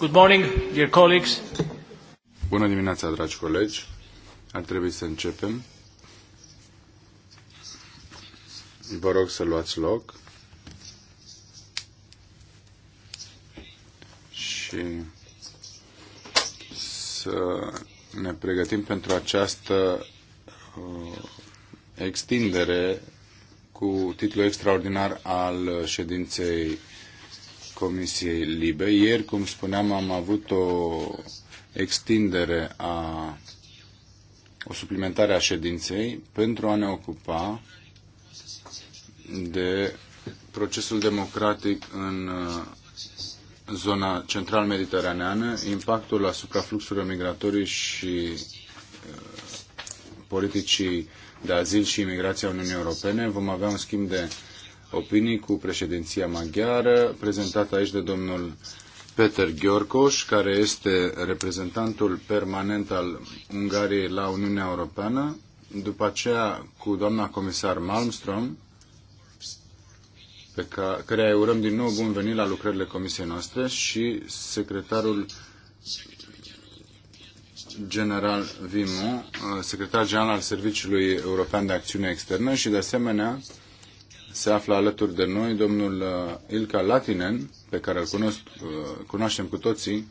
Good morning, dear colleagues. Bună dimineața, dragi colegi. Ar trebui să începem. Vă rog să luați loc. Și să ne pregătim pentru această uh, extindere cu titlul extraordinar al ședinței Comisiei Libe. Ieri, cum spuneam, am avut o extindere a o suplimentare a ședinței pentru a ne ocupa de procesul democratic în uh, zona central-mediteraneană, impactul asupra fluxurilor migratorii și uh, politicii de azil și imigrația Uniunii Europene. Vom avea un schimb de opinii cu președinția maghiară, prezentată aici de domnul Peter Gheorcoș, care este reprezentantul permanent al Ungariei la Uniunea Europeană, după aceea cu doamna comisar Malmström, pe care care urăm din nou bun venit la lucrările comisiei noastre, și secretarul general Vimo, secretar general al Serviciului European de Acțiune Externă și, de asemenea, se află alături de noi domnul uh, Ilka Latinen, pe care îl cunosc, uh, cunoaștem cu toții,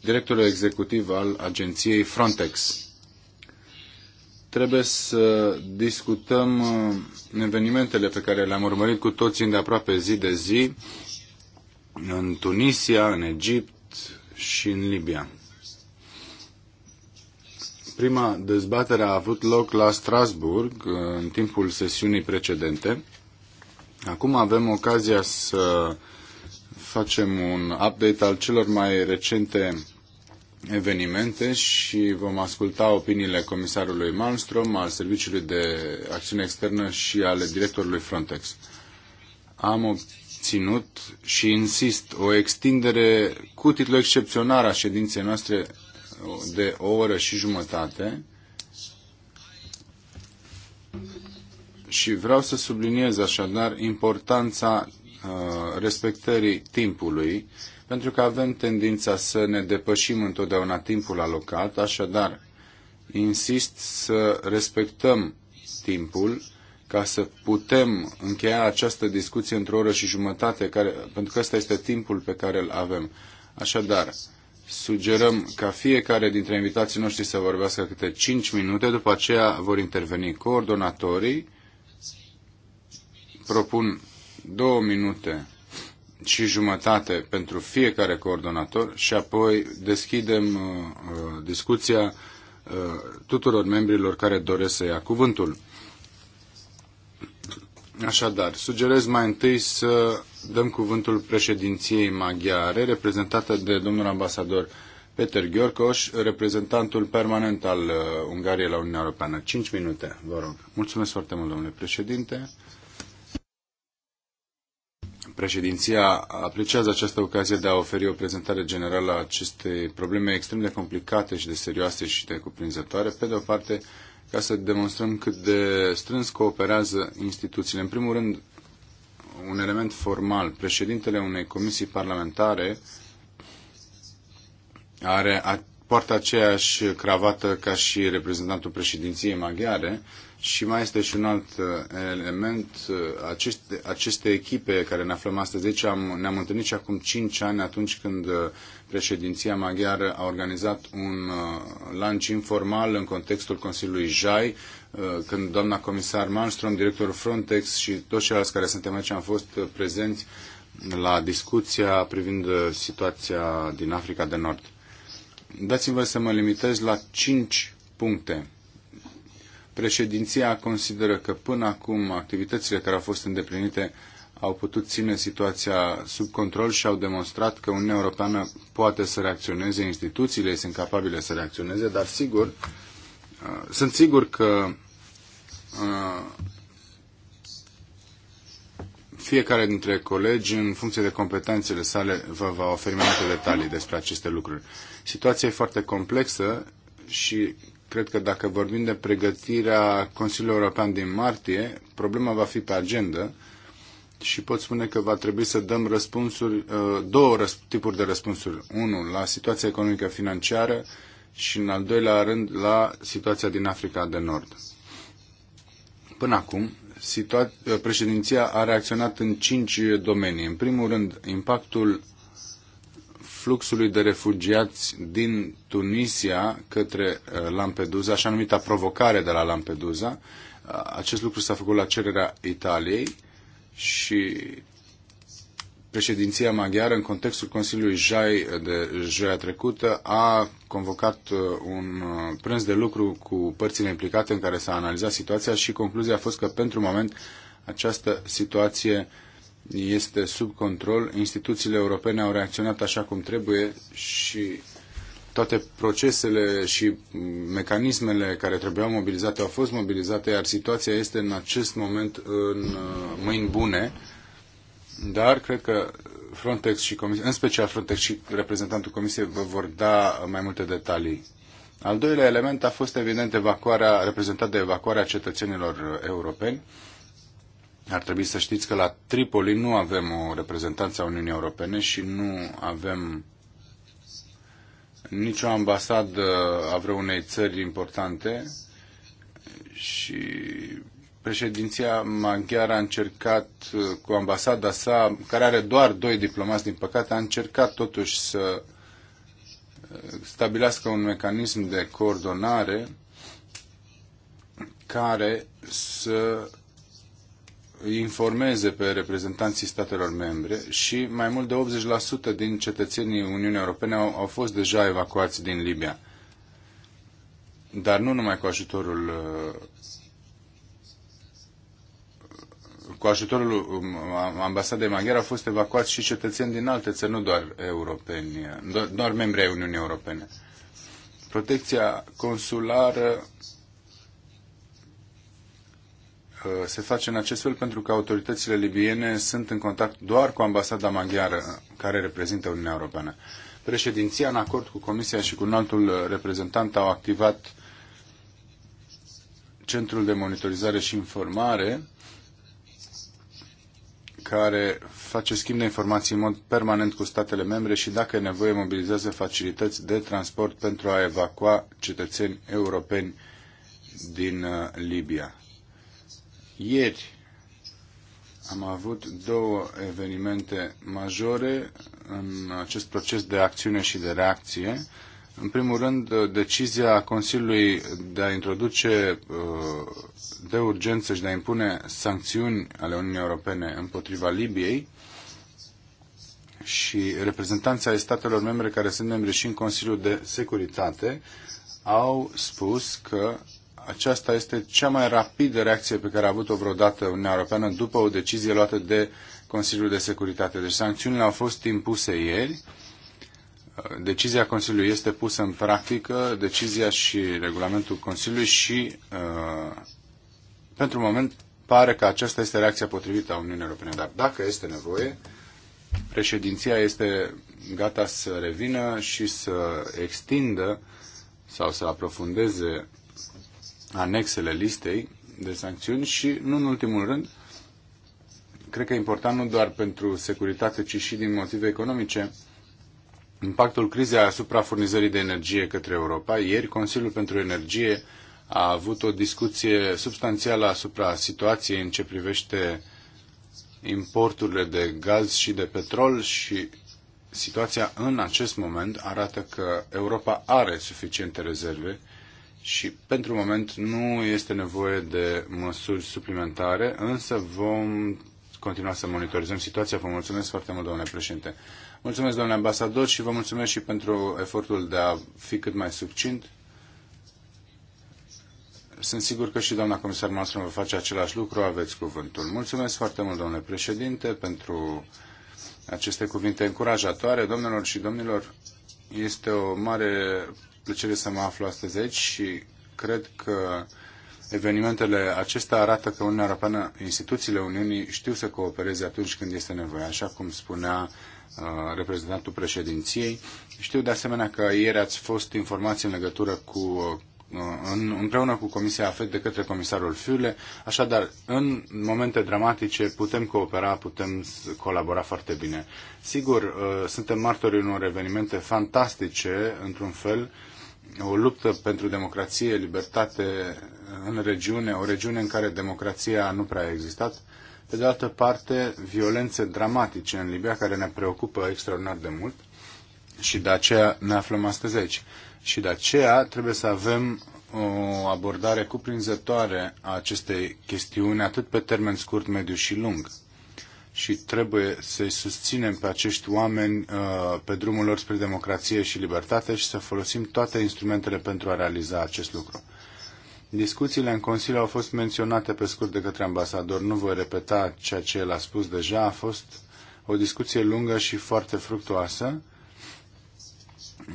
directorul executiv al agenției Frontex. Trebuie să discutăm uh, evenimentele pe care le-am urmărit cu toții îndeaproape zi de zi în Tunisia, în Egipt și în Libia. Prima dezbatere a avut loc la Strasburg în timpul sesiunii precedente Acum avem ocazia să facem un update al celor mai recente evenimente și vom asculta opiniile comisarului Malmström, al Serviciului de Acțiune Externă și ale directorului Frontex. Am obținut și insist o extindere cu titlu excepționar a ședinței noastre de o oră și jumătate și vreau să subliniez așadar importanța uh, respectării timpului, pentru că avem tendința să ne depășim întotdeauna timpul alocat, așadar insist să respectăm timpul ca să putem încheia această discuție într-o oră și jumătate, care, pentru că ăsta este timpul pe care îl avem. Așadar, sugerăm ca fiecare dintre invitații noștri să vorbească câte 5 minute, după aceea vor interveni coordonatorii, propun două minute și jumătate pentru fiecare coordonator și apoi deschidem uh, uh, discuția uh, tuturor membrilor care doresc să ia cuvântul. Așadar, sugerez mai întâi să dăm cuvântul președinției maghiare, reprezentată de domnul ambasador Peter Gheorcoș, reprezentantul permanent al uh, Ungariei la Uniunea Europeană. Cinci minute, vă rog. Mulțumesc foarte mult, domnule președinte președinția apreciază această ocazie de a oferi o prezentare generală a acestei probleme extrem de complicate și de serioase și de cuprinzătoare, pe de o parte, ca să demonstrăm cât de strâns cooperează instituțiile. În primul rând, un element formal. Președintele unei comisii parlamentare are, a, poartă aceeași cravată ca și reprezentantul președinției maghiare, și mai este și un alt uh, element. Uh, aceste, aceste echipe care ne aflăm astăzi deci am, ne-am întâlnit și acum 5 ani atunci când uh, președinția maghiară a organizat un lanț informal în contextul Consiliului JAI, când doamna comisar Malmström, directorul Frontex și toți ceilalți care suntem aici am fost prezenți la discuția privind situația din Africa de Nord. Dați-mi să mă limitez la 5 puncte Președinția consideră că până acum activitățile care au fost îndeplinite au putut ține situația sub control și au demonstrat că Uniunea Europeană poate să reacționeze, instituțiile sunt capabile să reacționeze, dar sigur, uh, sunt sigur că uh, fiecare dintre colegi, în funcție de competențele sale, vă va oferi mai multe detalii despre aceste lucruri. Situația e foarte complexă și cred că dacă vorbim de pregătirea Consiliului European din martie, problema va fi pe agenda și pot spune că va trebui să dăm răspunsuri, uh, două tipuri de răspunsuri. Unul, la situația economică financiară și în al doilea rând la situația din Africa de Nord. Până acum, uh, președinția a reacționat în cinci domenii. În primul rând, impactul fluxului de refugiați din Tunisia către uh, Lampedusa, așa numita provocare de la Lampedusa. Uh, acest lucru s-a făcut la cererea Italiei și președinția maghiară, în contextul Consiliului Jai de joia trecută, a convocat uh, un prânz de lucru cu părțile implicate în care s-a analizat situația și concluzia a fost că, pentru moment, această situație uh, este sub control, instituțiile europene au reacționat așa cum trebuie și toate procesele și mecanismele care trebuiau mobilizate au fost mobilizate, iar situația este în acest moment în uh, mâini bune, dar cred că Frontex și Comisia, în special Frontex și reprezentantul Comisiei vă vor da mai multe detalii. Al doilea element a fost evident evacuarea, reprezentat de evacuarea cetățenilor europeni. Ar trebui să știți că la Tripoli nu avem o reprezentanță a Uniunii Europene și nu avem nicio ambasadă a vreunei țări importante și președinția maghiară a încercat cu ambasada sa, care are doar doi diplomați, din păcate, a încercat totuși să stabilească un mecanism de coordonare care să informeze pe reprezentanții statelor membre și mai mult de 80% din cetățenii Uniunii Europene au, au fost deja evacuați din Libia. Dar nu numai cu ajutorul uh, cu ajutorul um, ambasadei maghiare au fost evacuați și cetățeni din alte țări, nu doar europeni, doar membri ai Uniunii Europene. Protecția consulară Uh, se face în acest fel pentru că autoritățile libiene sunt în contact doar cu ambasada maghiară care reprezintă Uniunea Europeană. Președinția, în acord cu Comisia și cu un altul reprezentant, au activat Centrul de Monitorizare și Informare, care face schimb de informații în mod permanent cu statele membre și, dacă e nevoie, mobilizează facilități de transport pentru a evacua cetățeni europeni din uh, Libia. Ieri am avut două evenimente majore în acest proces de acțiune și de reacție. În primul rând, decizia Consiliului de a introduce uh, de urgență și de a impune sancțiuni ale Uniunii Europene împotriva Libiei și reprezentanța ai statelor membre care sunt membri și în Consiliul de Securitate au spus că aceasta este cea mai rapidă reacție pe care a avut-o vreodată Uniunea Europeană după o decizie luată de Consiliul de Securitate. Deci sancțiunile au fost impuse ieri. Decizia Consiliului este pusă în practică, decizia și regulamentul Consiliului și, uh, pentru moment, pare că aceasta este reacția potrivită a Uniunii Europene. Dar dacă este nevoie, președinția este gata să revină și să extindă sau să aprofundeze anexele listei de sancțiuni și, nu în ultimul rând, cred că e important nu doar pentru securitate, ci și din motive economice, impactul crizei asupra furnizării de energie către Europa. Ieri, Consiliul pentru Energie a avut o discuție substanțială asupra situației în ce privește importurile de gaz și de petrol și situația în acest moment arată că Europa are suficiente rezerve și pentru moment nu este nevoie de măsuri suplimentare, însă vom continua să monitorizăm situația. Vă mulțumesc foarte mult, domnule președinte. Mulțumesc, domnule ambasador, și vă mulțumesc și pentru efortul de a fi cât mai succint. Sunt sigur că și doamna comisar noastră vă face același lucru, aveți cuvântul. Mulțumesc foarte mult, domnule președinte, pentru aceste cuvinte încurajatoare. Domnilor și domnilor, este o mare plăcere să mă aflu astăzi aici și cred că evenimentele acestea arată că Uniunea Europeană, instituțiile Uniunii știu să coopereze atunci când este nevoie, așa cum spunea uh, reprezentantul președinției. Știu de asemenea că ieri ați fost informați în legătură cu uh, în, împreună cu Comisia AFET de către comisarul Fiule. Așadar, în momente dramatice putem coopera, putem colabora foarte bine. Sigur, uh, suntem martorii unor evenimente fantastice, într-un fel, uh, o luptă pentru democrație, libertate în regiune, o regiune în care democrația nu prea a existat. Pe de altă parte, violențe dramatice în Libia care ne preocupă extraordinar de mult și de aceea ne aflăm astăzi aici. Și de aceea trebuie să avem o abordare cuprinzătoare a acestei chestiuni, atât pe termen scurt, mediu și lung și trebuie să-i susținem pe acești oameni uh, pe drumul lor spre democrație și libertate și să folosim toate instrumentele pentru a realiza acest lucru. Discuțiile în Consiliu au fost menționate pe scurt de către ambasador. Nu voi repeta ceea ce el a spus deja. A fost o discuție lungă și foarte fructuoasă.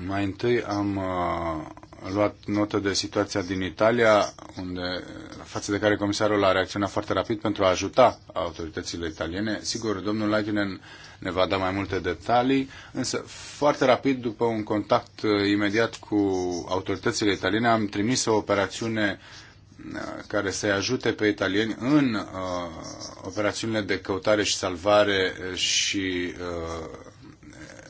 Mai întâi am uh, luat notă de situația din Italia, unde, față de care comisarul a reacționat foarte rapid pentru a ajuta autoritățile italiene. Sigur, domnul Leitinen ne va da mai multe detalii, însă foarte rapid, după un contact uh, imediat cu autoritățile italiene, am trimis o operațiune uh, care să-i ajute pe italieni în uh, operațiunile de căutare și salvare uh, și uh,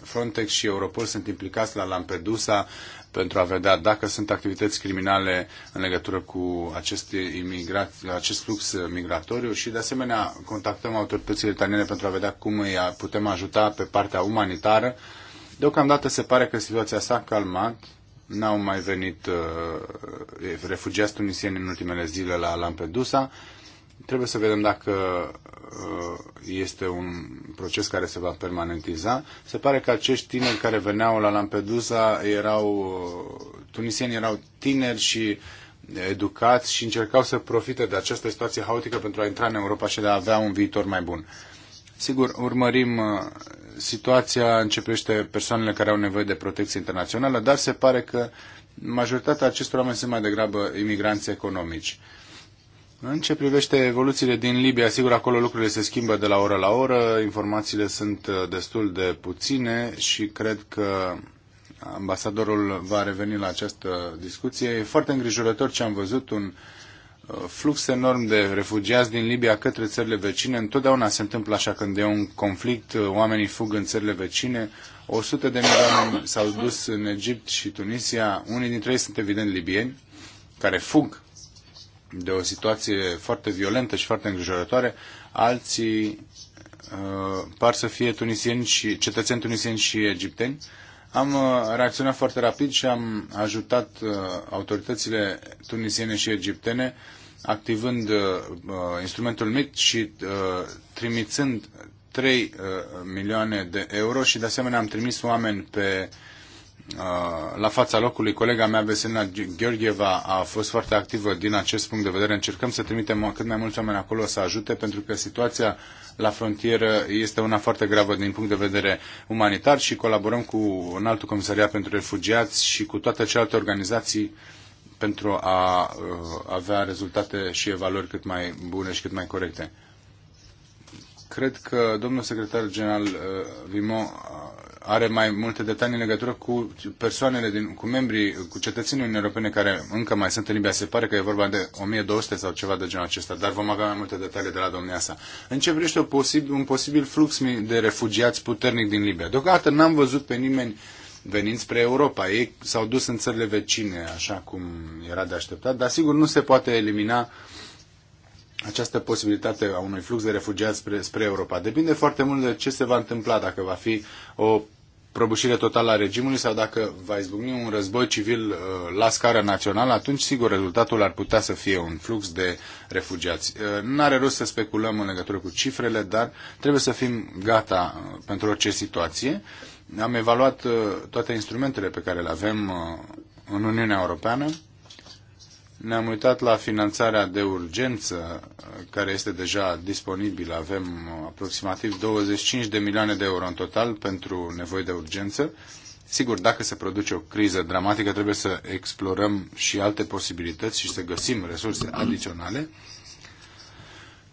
Frontex și Europol sunt implicați la Lampedusa pentru a vedea dacă sunt activități criminale în legătură cu acest, imigrat, acest flux migratoriu și de asemenea contactăm autoritățile italiene pentru a vedea cum îi putem ajuta pe partea umanitară. Deocamdată se pare că situația s-a calmat, n-au mai venit uh, refugiați tunisieni în ultimele zile la Lampedusa Trebuie să vedem dacă uh, este un proces care se va permanentiza. Se pare că acești tineri care veneau la Lampedusa erau, uh, tunisieni erau tineri și educați și încercau să profite de această situație haotică pentru a intra în Europa și de a avea un viitor mai bun. Sigur, urmărim uh, situația, începește persoanele care au nevoie de protecție internațională, dar se pare că majoritatea acestor oameni sunt mai degrabă imigranți economici. În ce privește evoluțiile din Libia, sigur, acolo lucrurile se schimbă de la oră la oră, informațiile sunt uh, destul de puține și cred că ambasadorul va reveni la această discuție. E foarte îngrijorător ce am văzut, un uh, flux enorm de refugiați din Libia către țările vecine. Întotdeauna se întâmplă așa când e un conflict, uh, oamenii fug în țările vecine. O sută de mii de oameni s-au dus în Egipt și Tunisia. Unii dintre ei sunt evident libieni care fug de o situație foarte violentă și foarte îngrijorătoare, alții uh, par să fie tunisieni și cetățeni tunisieni și egipteni. Am uh, reacționat foarte rapid și am ajutat uh, autoritățile tunisiene și egiptene activând uh, uh instrumentul MIT și uh, trimițând 3 uh, milioane de euro și de asemenea am trimis oameni pe uh, Uh, la fața locului. Colega mea, Vesena Gheorgheva, a fost foarte activă din acest punct de vedere. Încercăm să trimitem cât mai mulți oameni acolo să ajute, pentru că situația la frontieră este una foarte gravă din punct de vedere umanitar și colaborăm cu un altul comisariat pentru refugiați și cu toate celelalte organizații pentru a uh, avea rezultate și evaluări cât mai bune și cât mai corecte cred că domnul secretar general uh, Vimon uh, are mai multe detalii în legătură cu persoanele, din, cu membrii, cu cetățenii Uniunii Europene care încă mai sunt în Libia. Se pare că e vorba de 1200 sau ceva de genul acesta, dar vom avea mai multe detalii de la domnia sa. În ce privește un posibil flux de refugiați puternic din Libia? Deocamdată n-am văzut pe nimeni venind spre Europa. Ei s-au dus în țările vecine, așa cum era de așteptat, dar sigur nu se poate elimina uh, această posibilitate a unui flux de refugiați spre, spre Europa. Depinde foarte mult de ce se va întâmpla, dacă va fi o prăbușire totală a regimului sau dacă va izbucni un război civil uh, la scară națională, atunci sigur rezultatul ar putea să fie un flux de refugiați. Uh, nu are rost să speculăm în legătură cu cifrele, dar trebuie să fim gata uh, pentru orice situație. Am evaluat toate instrumentele pe care le avem în Uniunea Europeană ne-am uitat la finanțarea de urgență, care este deja disponibilă. Avem aproximativ 25 de milioane de euro în total pentru nevoi de urgență. Sigur, dacă se produce o criză dramatică, trebuie să explorăm și alte posibilități și să găsim resurse adiționale.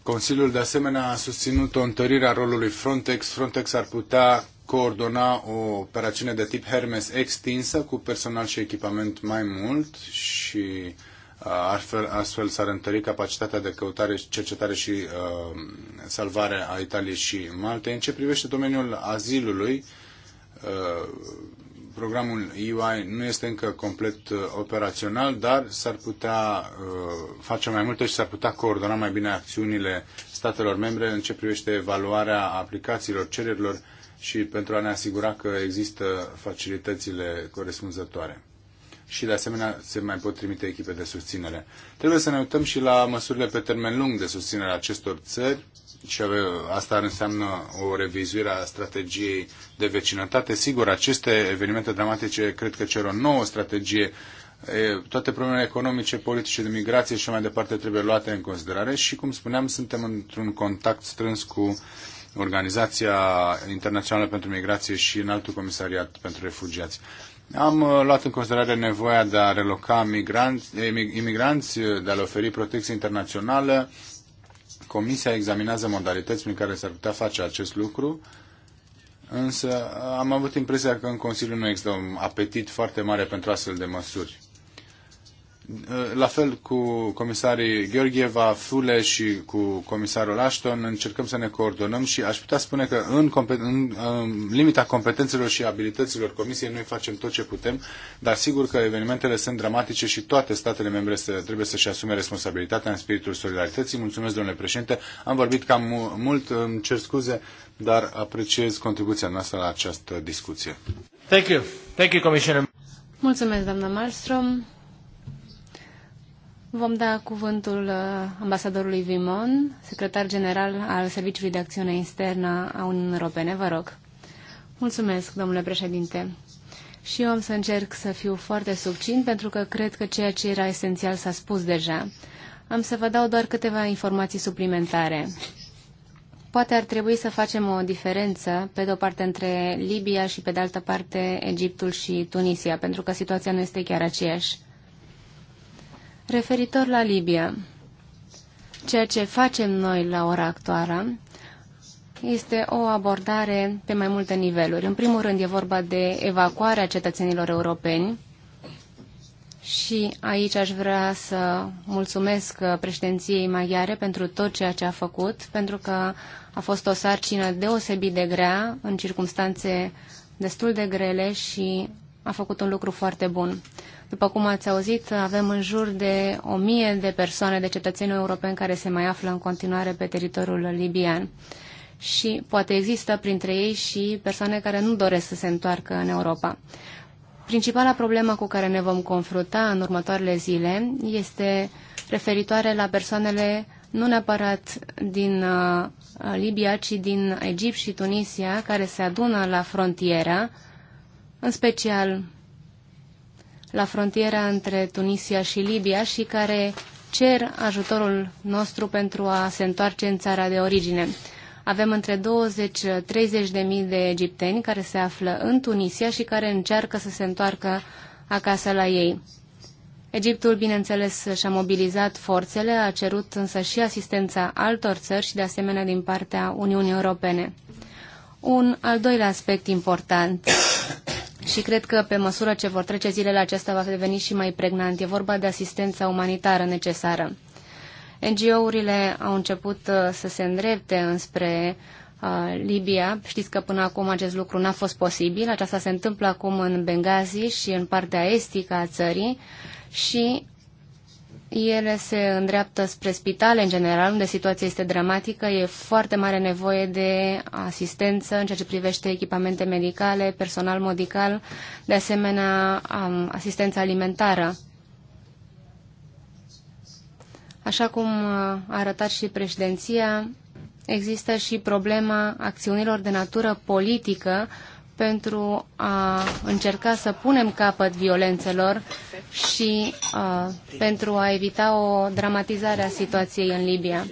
Consiliul, de asemenea, a susținut o întărire a rolului Frontex. Frontex ar putea coordona o operațiune de tip Hermes extinsă, cu personal și echipament mai mult și Astfel, astfel s-ar întări capacitatea de căutare, cercetare și uh, salvare a Italiei și Maltei. În ce privește domeniul azilului, uh, programul EY nu este încă complet uh, operațional, dar s-ar putea uh, face mai multe și s-ar putea coordona mai bine acțiunile statelor membre în ce privește evaluarea aplicațiilor, cererilor și pentru a ne asigura că există facilitățile corespunzătoare și de asemenea se mai pot trimite echipe de susținere. Trebuie să ne uităm și la măsurile pe termen lung de susținere a acestor țări și asta ar înseamnă o revizuire a strategiei de vecinătate. Sigur, aceste evenimente dramatice cred că cer o nouă strategie. Toate problemele economice, politice, de migrație și mai departe trebuie luate în considerare și, cum spuneam, suntem într-un contact strâns cu Organizația Internațională pentru Migrație și în altul Comisariat pentru Refugiați. Am uh, luat în considerare nevoia de a reloca migranți, imigranți, uh, de a le oferi protecție internațională. Comisia examinează modalități prin care s-ar putea face acest lucru, însă uh, am avut impresia că în Consiliu nu există un apetit foarte mare pentru astfel de măsuri. Eh, la fel cu comisarii Gheorgheva, Fule și cu comisarul Ashton, încercăm să ne coordonăm și aș putea spune că în, în, în limita competențelor și abilităților comisiei noi facem tot ce putem, dar sigur că evenimentele sunt dramatice și toate statele membre să, trebuie să-și asume responsabilitatea în spiritul solidarității. Mulțumesc, domnule președinte. Am vorbit cam mult, îmi cer scuze, dar apreciez contribuția noastră la această discuție. Thank you. Thank you, Commissioner. Mulțumesc, doamna Malmström. Vom da cuvântul uh, ambasadorului Vimon, secretar general al Serviciului de Acțiune Externă a Uniunii Europene. Vă rog. Mulțumesc, domnule președinte. Și eu am să încerc să fiu foarte succint, pentru că cred că ceea ce era esențial s-a spus deja. Am să vă dau doar câteva informații suplimentare. Poate ar trebui să facem o diferență, pe de o parte, între Libia și, pe de altă parte, Egiptul și Tunisia, pentru că situația nu este chiar aceeași. Referitor la Libia, ceea ce facem noi la ora actuală este o abordare pe mai multe niveluri. În primul rând e vorba de evacuarea cetățenilor europeni și aici aș vrea să mulțumesc președinției maghiare pentru tot ceea ce a făcut, pentru că a fost o sarcină deosebit de grea, în circunstanțe destul de grele și a făcut un lucru foarte bun. După cum ați auzit, avem în jur de o mie de persoane, de cetățeni europeni care se mai află în continuare pe teritoriul libian. Și poate există printre ei și persoane care nu doresc să se întoarcă în Europa. Principala problemă cu care ne vom confrunta în următoarele zile este referitoare la persoanele nu neapărat din uh, Libia, ci din Egipt și Tunisia, care se adună la frontieră, în special la frontiera între Tunisia și Libia și care cer ajutorul nostru pentru a se întoarce în țara de origine. Avem între 20-30 de mii de egipteni care se află în Tunisia și care încearcă să se întoarcă acasă la ei. Egiptul, bineînțeles, și-a mobilizat forțele, a cerut însă și asistența altor țări și de asemenea din partea Uniunii Europene. Un al doilea aspect important și cred că pe măsură ce vor trece zilele acestea va deveni și mai pregnant. E vorba de asistența umanitară necesară. NGO-urile au început uh, să se îndrepte înspre uh, Libia. Știți că până acum acest lucru n-a fost posibil. Aceasta se întâmplă acum în Benghazi și în partea estică a țării și ele se îndreaptă spre spitale, în general, unde situația este dramatică. E foarte mare nevoie de asistență în ceea ce privește echipamente medicale, personal medical, de asemenea asistență alimentară. Așa cum a arătat și președinția, există și problema acțiunilor de natură politică pentru a încerca să punem capăt violențelor și uh, pentru a evita o dramatizare a situației în Libia.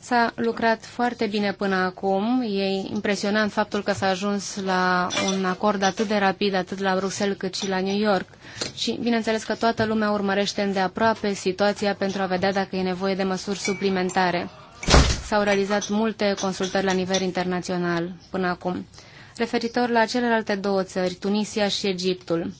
S-a lucrat foarte bine până acum. E impresionant faptul că s-a ajuns la un acord atât de rapid, atât la Bruxelles cât și la New York. Și bineînțeles că toată lumea urmărește îndeaproape situația pentru a vedea dacă e nevoie de măsuri suplimentare. S-au realizat multe consultări la nivel internațional până acum. Referitor la celelalte două țări, Tunisia și Egiptul,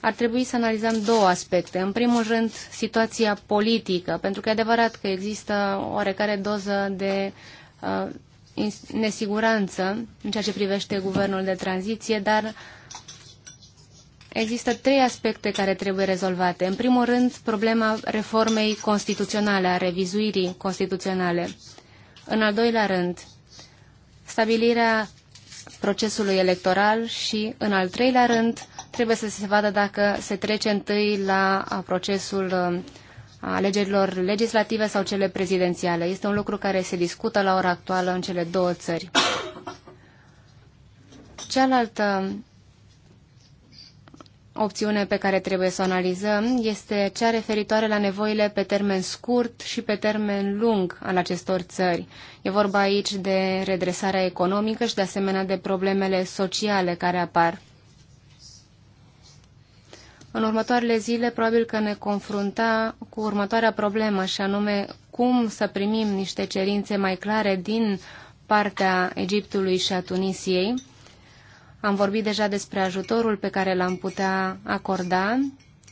ar trebui să analizăm două aspecte. În primul rând, situația politică, pentru că e adevărat că există oarecare doză de uh, nesiguranță în ceea ce privește guvernul de tranziție, dar există trei aspecte care trebuie rezolvate. În primul rând, problema reformei constituționale, a revizuirii constituționale. În al doilea rând, stabilirea procesului electoral și, în al treilea rând, trebuie să se vadă dacă se trece întâi la procesul alegerilor legislative sau cele prezidențiale. Este un lucru care se discută la ora actuală în cele două țări. Cealaltă opțiune pe care trebuie să o analizăm este cea referitoare la nevoile pe termen scurt și pe termen lung al acestor țări. E vorba aici de redresarea economică și de asemenea de problemele sociale care apar. În următoarele zile probabil că ne confrunta cu următoarea problemă și anume cum să primim niște cerințe mai clare din partea Egiptului și a Tunisiei am vorbit deja despre ajutorul pe care l-am putea acorda.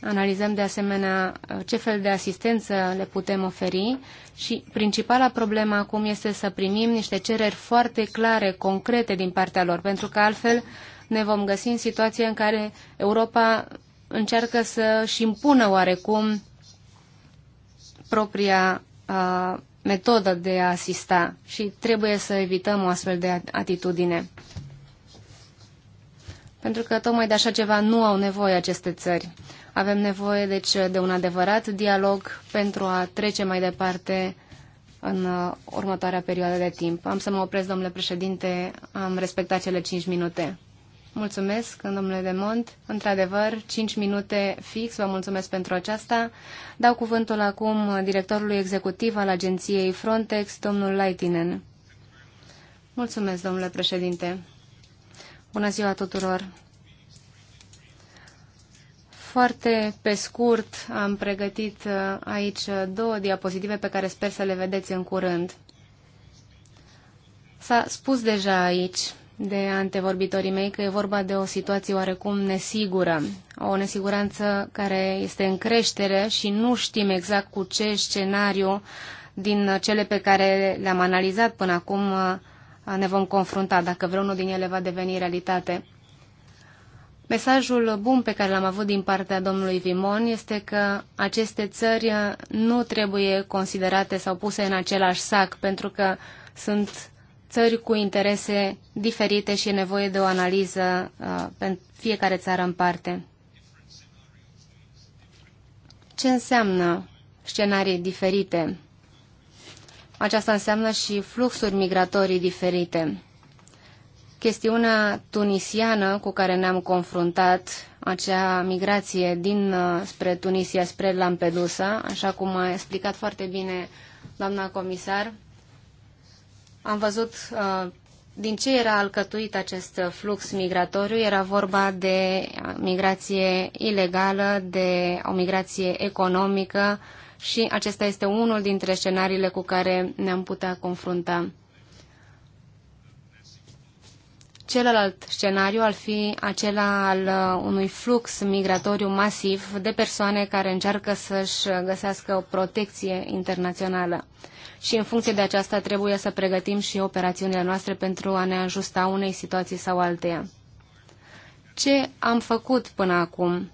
Analizăm de asemenea uh, ce fel de asistență le putem oferi și principala problemă acum este să primim niște cereri foarte clare, concrete din partea lor, pentru că altfel ne vom găsi în situația în care Europa încearcă să-și impună oarecum propria uh, metodă de a asista și trebuie să evităm o astfel de atitudine pentru că tocmai de așa ceva nu au nevoie aceste țări. Avem nevoie, deci, de un adevărat dialog pentru a trece mai departe în uh, următoarea perioadă de timp. Am să mă opresc, domnule președinte, am respectat cele 5 minute. Mulțumesc, domnule de Mont. Într-adevăr, 5 minute fix, vă mulțumesc pentru aceasta. Dau cuvântul acum directorului executiv al agenției Frontex, domnul Laitinen. Mulțumesc, domnule președinte. Bună ziua tuturor! Foarte pe scurt am pregătit uh, aici uh, două diapozitive pe care sper să le vedeți în curând. S-a spus deja aici de antevorbitorii mei că e vorba de o situație oarecum nesigură, o nesiguranță care este în creștere și nu știm exact cu ce scenariu din cele pe care le-am analizat până acum uh, ne vom confrunta dacă vreunul din ele va deveni realitate. Mesajul bun pe care l-am avut din partea domnului Vimon este că aceste țări nu trebuie considerate sau puse în același sac, pentru că sunt țări cu interese diferite și e nevoie de o analiză uh, pentru fiecare țară în parte. Ce înseamnă scenarii diferite? Aceasta înseamnă și fluxuri migratorii diferite. Chestiunea tunisiană cu care ne-am confruntat, acea migrație din uh, spre Tunisia, spre Lampedusa, așa cum a explicat foarte bine doamna comisar, am văzut uh, din ce era alcătuit acest flux migratoriu. Era vorba de migrație ilegală, de o migrație economică, uh, și acesta este unul dintre scenariile cu care ne-am putea confrunta. Celălalt scenariu ar fi acela al uh, unui flux migratoriu masiv de persoane care încearcă să-și găsească o protecție internațională. Și în funcție de aceasta trebuie să pregătim și operațiunile noastre pentru a ne ajusta unei situații sau alteia. Ce am făcut până acum?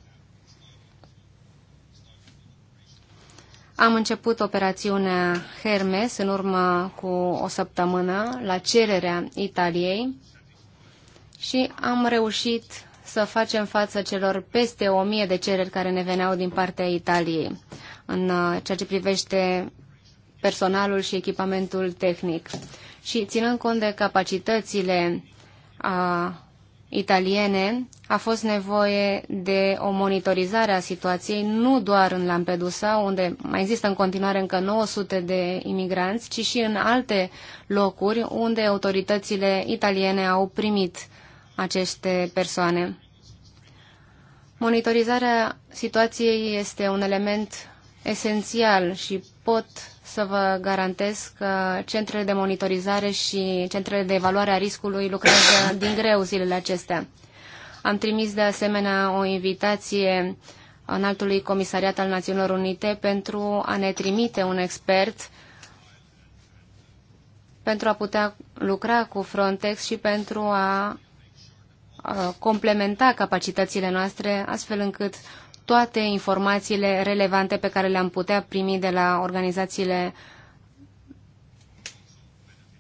Am început operațiunea Hermes în urmă cu o săptămână la cererea Italiei și am reușit să facem față celor peste o mie de cereri care ne veneau din partea Italiei în uh, ceea ce privește personalul și echipamentul tehnic. Și ținând cont de capacitățile a uh, italiene a fost nevoie de o monitorizare a situației, nu doar în Lampedusa, unde mai există în continuare încă 900 de imigranți, ci și în alte locuri unde autoritățile italiene au primit aceste persoane. Monitorizarea situației este un element esențial și pot să vă garantez că centrele de monitorizare și centrele de evaluare a riscului lucrează din greu zilele acestea. Am trimis de asemenea o invitație înaltului comisariat al Națiunilor Unite pentru a ne trimite un expert pentru a putea lucra cu Frontex și pentru a complementa capacitățile noastre, astfel încât toate informațiile relevante pe care le-am putea primi de la organizațiile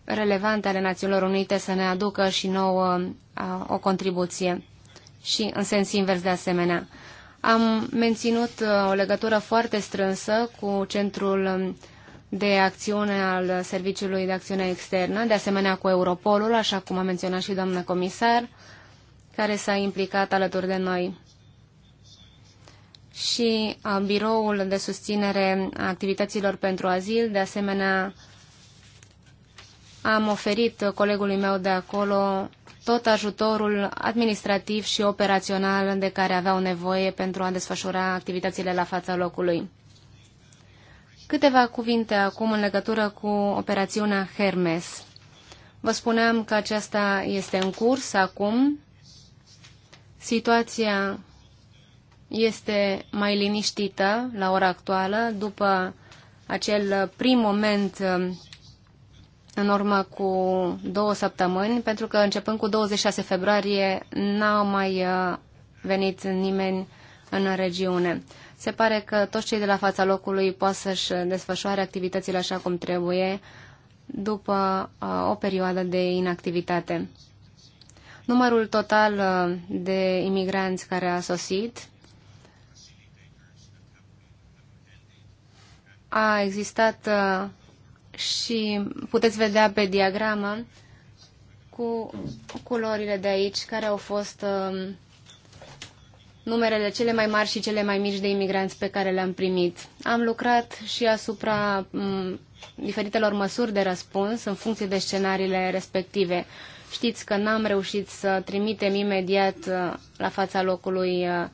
relevante ale Națiunilor Unite să ne aducă și nouă o contribuție și în sens invers de asemenea. Am menținut o legătură foarte strânsă cu Centrul de Acțiune al Serviciului de Acțiune Externă, de asemenea cu Europolul, așa cum a menționat și doamna comisar, care s-a implicat alături de noi și biroul de susținere a activităților pentru azil. De asemenea, am oferit colegului meu de acolo tot ajutorul administrativ și operațional de care aveau nevoie pentru a desfășura activitățile la fața locului. Câteva cuvinte acum în legătură cu operațiunea Hermes. Vă spuneam că aceasta este în curs acum. Situația este mai liniștită la ora actuală, după acel prim moment um, în urmă cu două săptămâni, pentru că începând cu 26 februarie n-a mai uh, venit nimeni în regiune. Se pare că toți cei de la fața locului pot să-și desfășoare activitățile așa cum trebuie după uh, o perioadă de inactivitate. Numărul total uh, de imigranți care a sosit a existat uh, și puteți vedea pe diagramă cu culorile de aici care au fost um, numerele cele mai mari și cele mai mici de imigranți pe care le-am primit. Am lucrat și asupra mm, diferitelor măsuri de răspuns în funcție de scenariile respective. Știți că n-am reușit să trimitem imediat uh, la fața locului uh,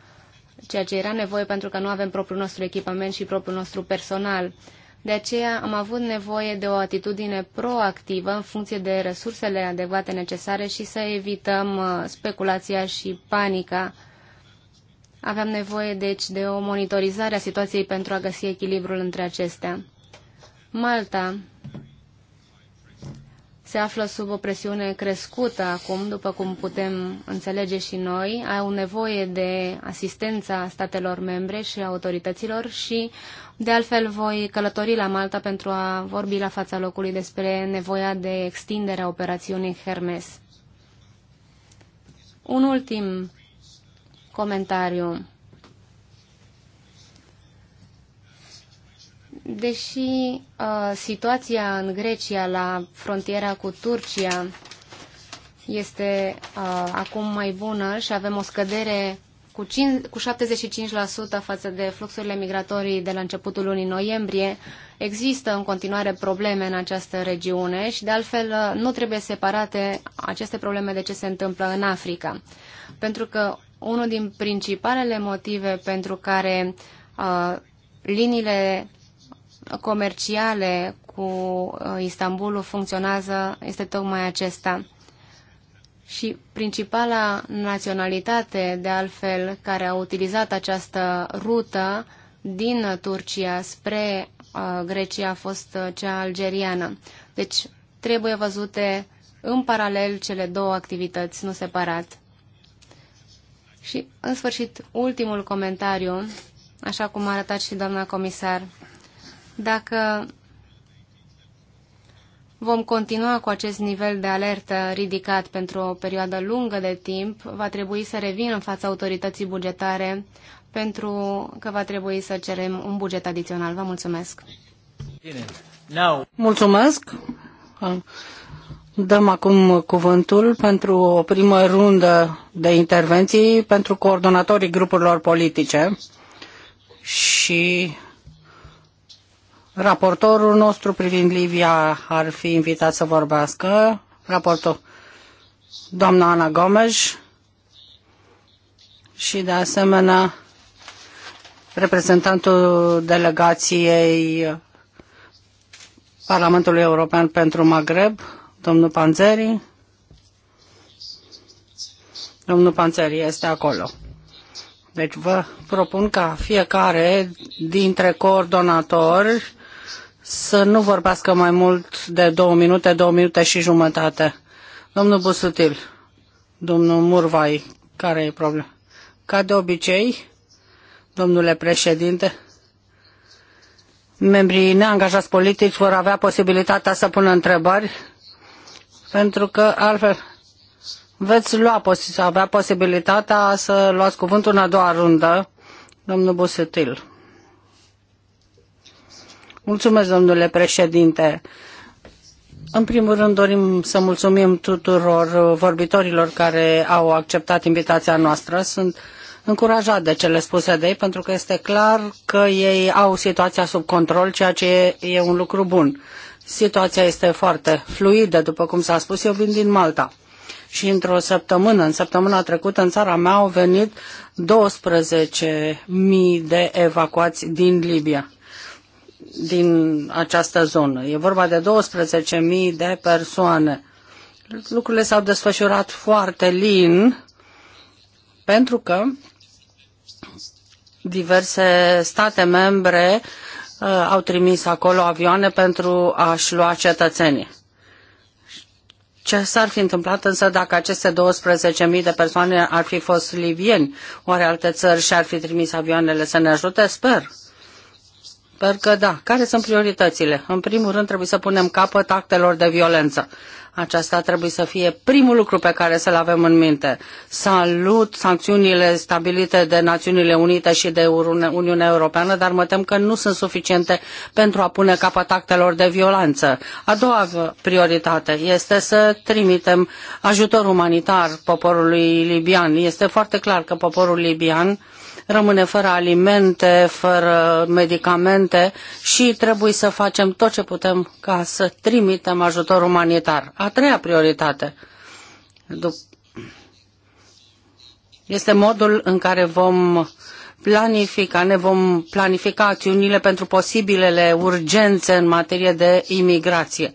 ceea ce era nevoie pentru că nu avem propriul nostru echipament și propriul nostru personal. De aceea am avut nevoie de o atitudine proactivă în funcție de resursele adecvate necesare și să evităm uh, speculația și panica. Aveam nevoie, deci, de o monitorizare a situației pentru a găsi echilibrul între acestea. Malta se află sub o presiune crescută acum, după cum putem înțelege și noi, au nevoie de asistența statelor membre și autorităților și, de altfel, voi călători la Malta pentru a vorbi la fața locului despre nevoia de extindere a operațiunii Hermes. Un ultim comentariu. Deși uh, situația în Grecia la frontiera cu Turcia este uh, acum mai bună și avem o scădere cu, 5, cu 75% față de fluxurile migratorii de la începutul lunii noiembrie, există în continuare probleme în această regiune și, de altfel, uh, nu trebuie separate aceste probleme de ce se întâmplă în Africa. Pentru că unul din principalele motive pentru care uh, liniile comerciale cu uh, Istanbulul funcționează este tocmai acesta. Și principala naționalitate, de altfel, care a utilizat această rută din Turcia spre uh, Grecia a fost uh, cea algeriană. Deci trebuie văzute în paralel cele două activități, nu separat. Și, în sfârșit, ultimul comentariu, așa cum a arătat și doamna comisar. Dacă vom continua cu acest nivel de alertă ridicat pentru o perioadă lungă de timp, va trebui să revin în fața autorității bugetare pentru că va trebui să cerem un buget adițional. Vă mulțumesc! Bine. Mulțumesc! Dăm acum cuvântul pentru o primă rundă de intervenții pentru coordonatorii grupurilor politice și Raportorul nostru privind Libia ar fi invitat să vorbească. Raportor doamna Ana Gomes și de asemenea reprezentantul delegației Parlamentului European pentru Maghreb, domnul Panzeri. Domnul Panzeri este acolo. Deci vă propun ca fiecare dintre coordonatori să nu vorbească mai mult de două minute, două minute și jumătate. Domnul Busutil, domnul Murvai, care e problema? Ca de obicei, domnule președinte, membrii neangajați politici vor avea posibilitatea să pună întrebări, pentru că altfel veți lua, avea posibilitatea să luați cuvântul în a doua rundă, domnul Busutil. Mulțumesc, domnule președinte. În primul rând dorim să mulțumim tuturor vorbitorilor care au acceptat invitația noastră. Sunt încurajat de cele spuse de ei, pentru că este clar că ei au situația sub control, ceea ce e, e un lucru bun. Situația este foarte fluidă, după cum s-a spus, eu vin din Malta. Și într-o săptămână, în săptămâna trecută, în țara mea au venit 12.000 de evacuați din Libia din această zonă. E vorba de 12.000 de persoane. Lucrurile s-au desfășurat foarte lin pentru că diverse state membre uh, au trimis acolo avioane pentru a-și lua cetățenii. Ce s-ar fi întâmplat însă dacă aceste 12.000 de persoane ar fi fost libieni? Oare alte țări și-ar fi trimis avioanele să ne ajute? Sper. Sper că da. Care sunt prioritățile? În primul rând trebuie să punem capăt actelor de violență. Aceasta trebuie să fie primul lucru pe care să-l avem în minte. Salut sancțiunile stabilite de Națiunile Unite și de Uniunea Europeană, dar mă tem că nu sunt suficiente pentru a pune capăt actelor de violență. A doua prioritate este să trimitem ajutor umanitar poporului libian. Este foarte clar că poporul libian rămâne fără alimente, fără medicamente și trebuie să facem tot ce putem ca să trimitem ajutor umanitar. A treia prioritate este modul în care vom planifica, ne vom planifica acțiunile pentru posibilele urgențe în materie de imigrație.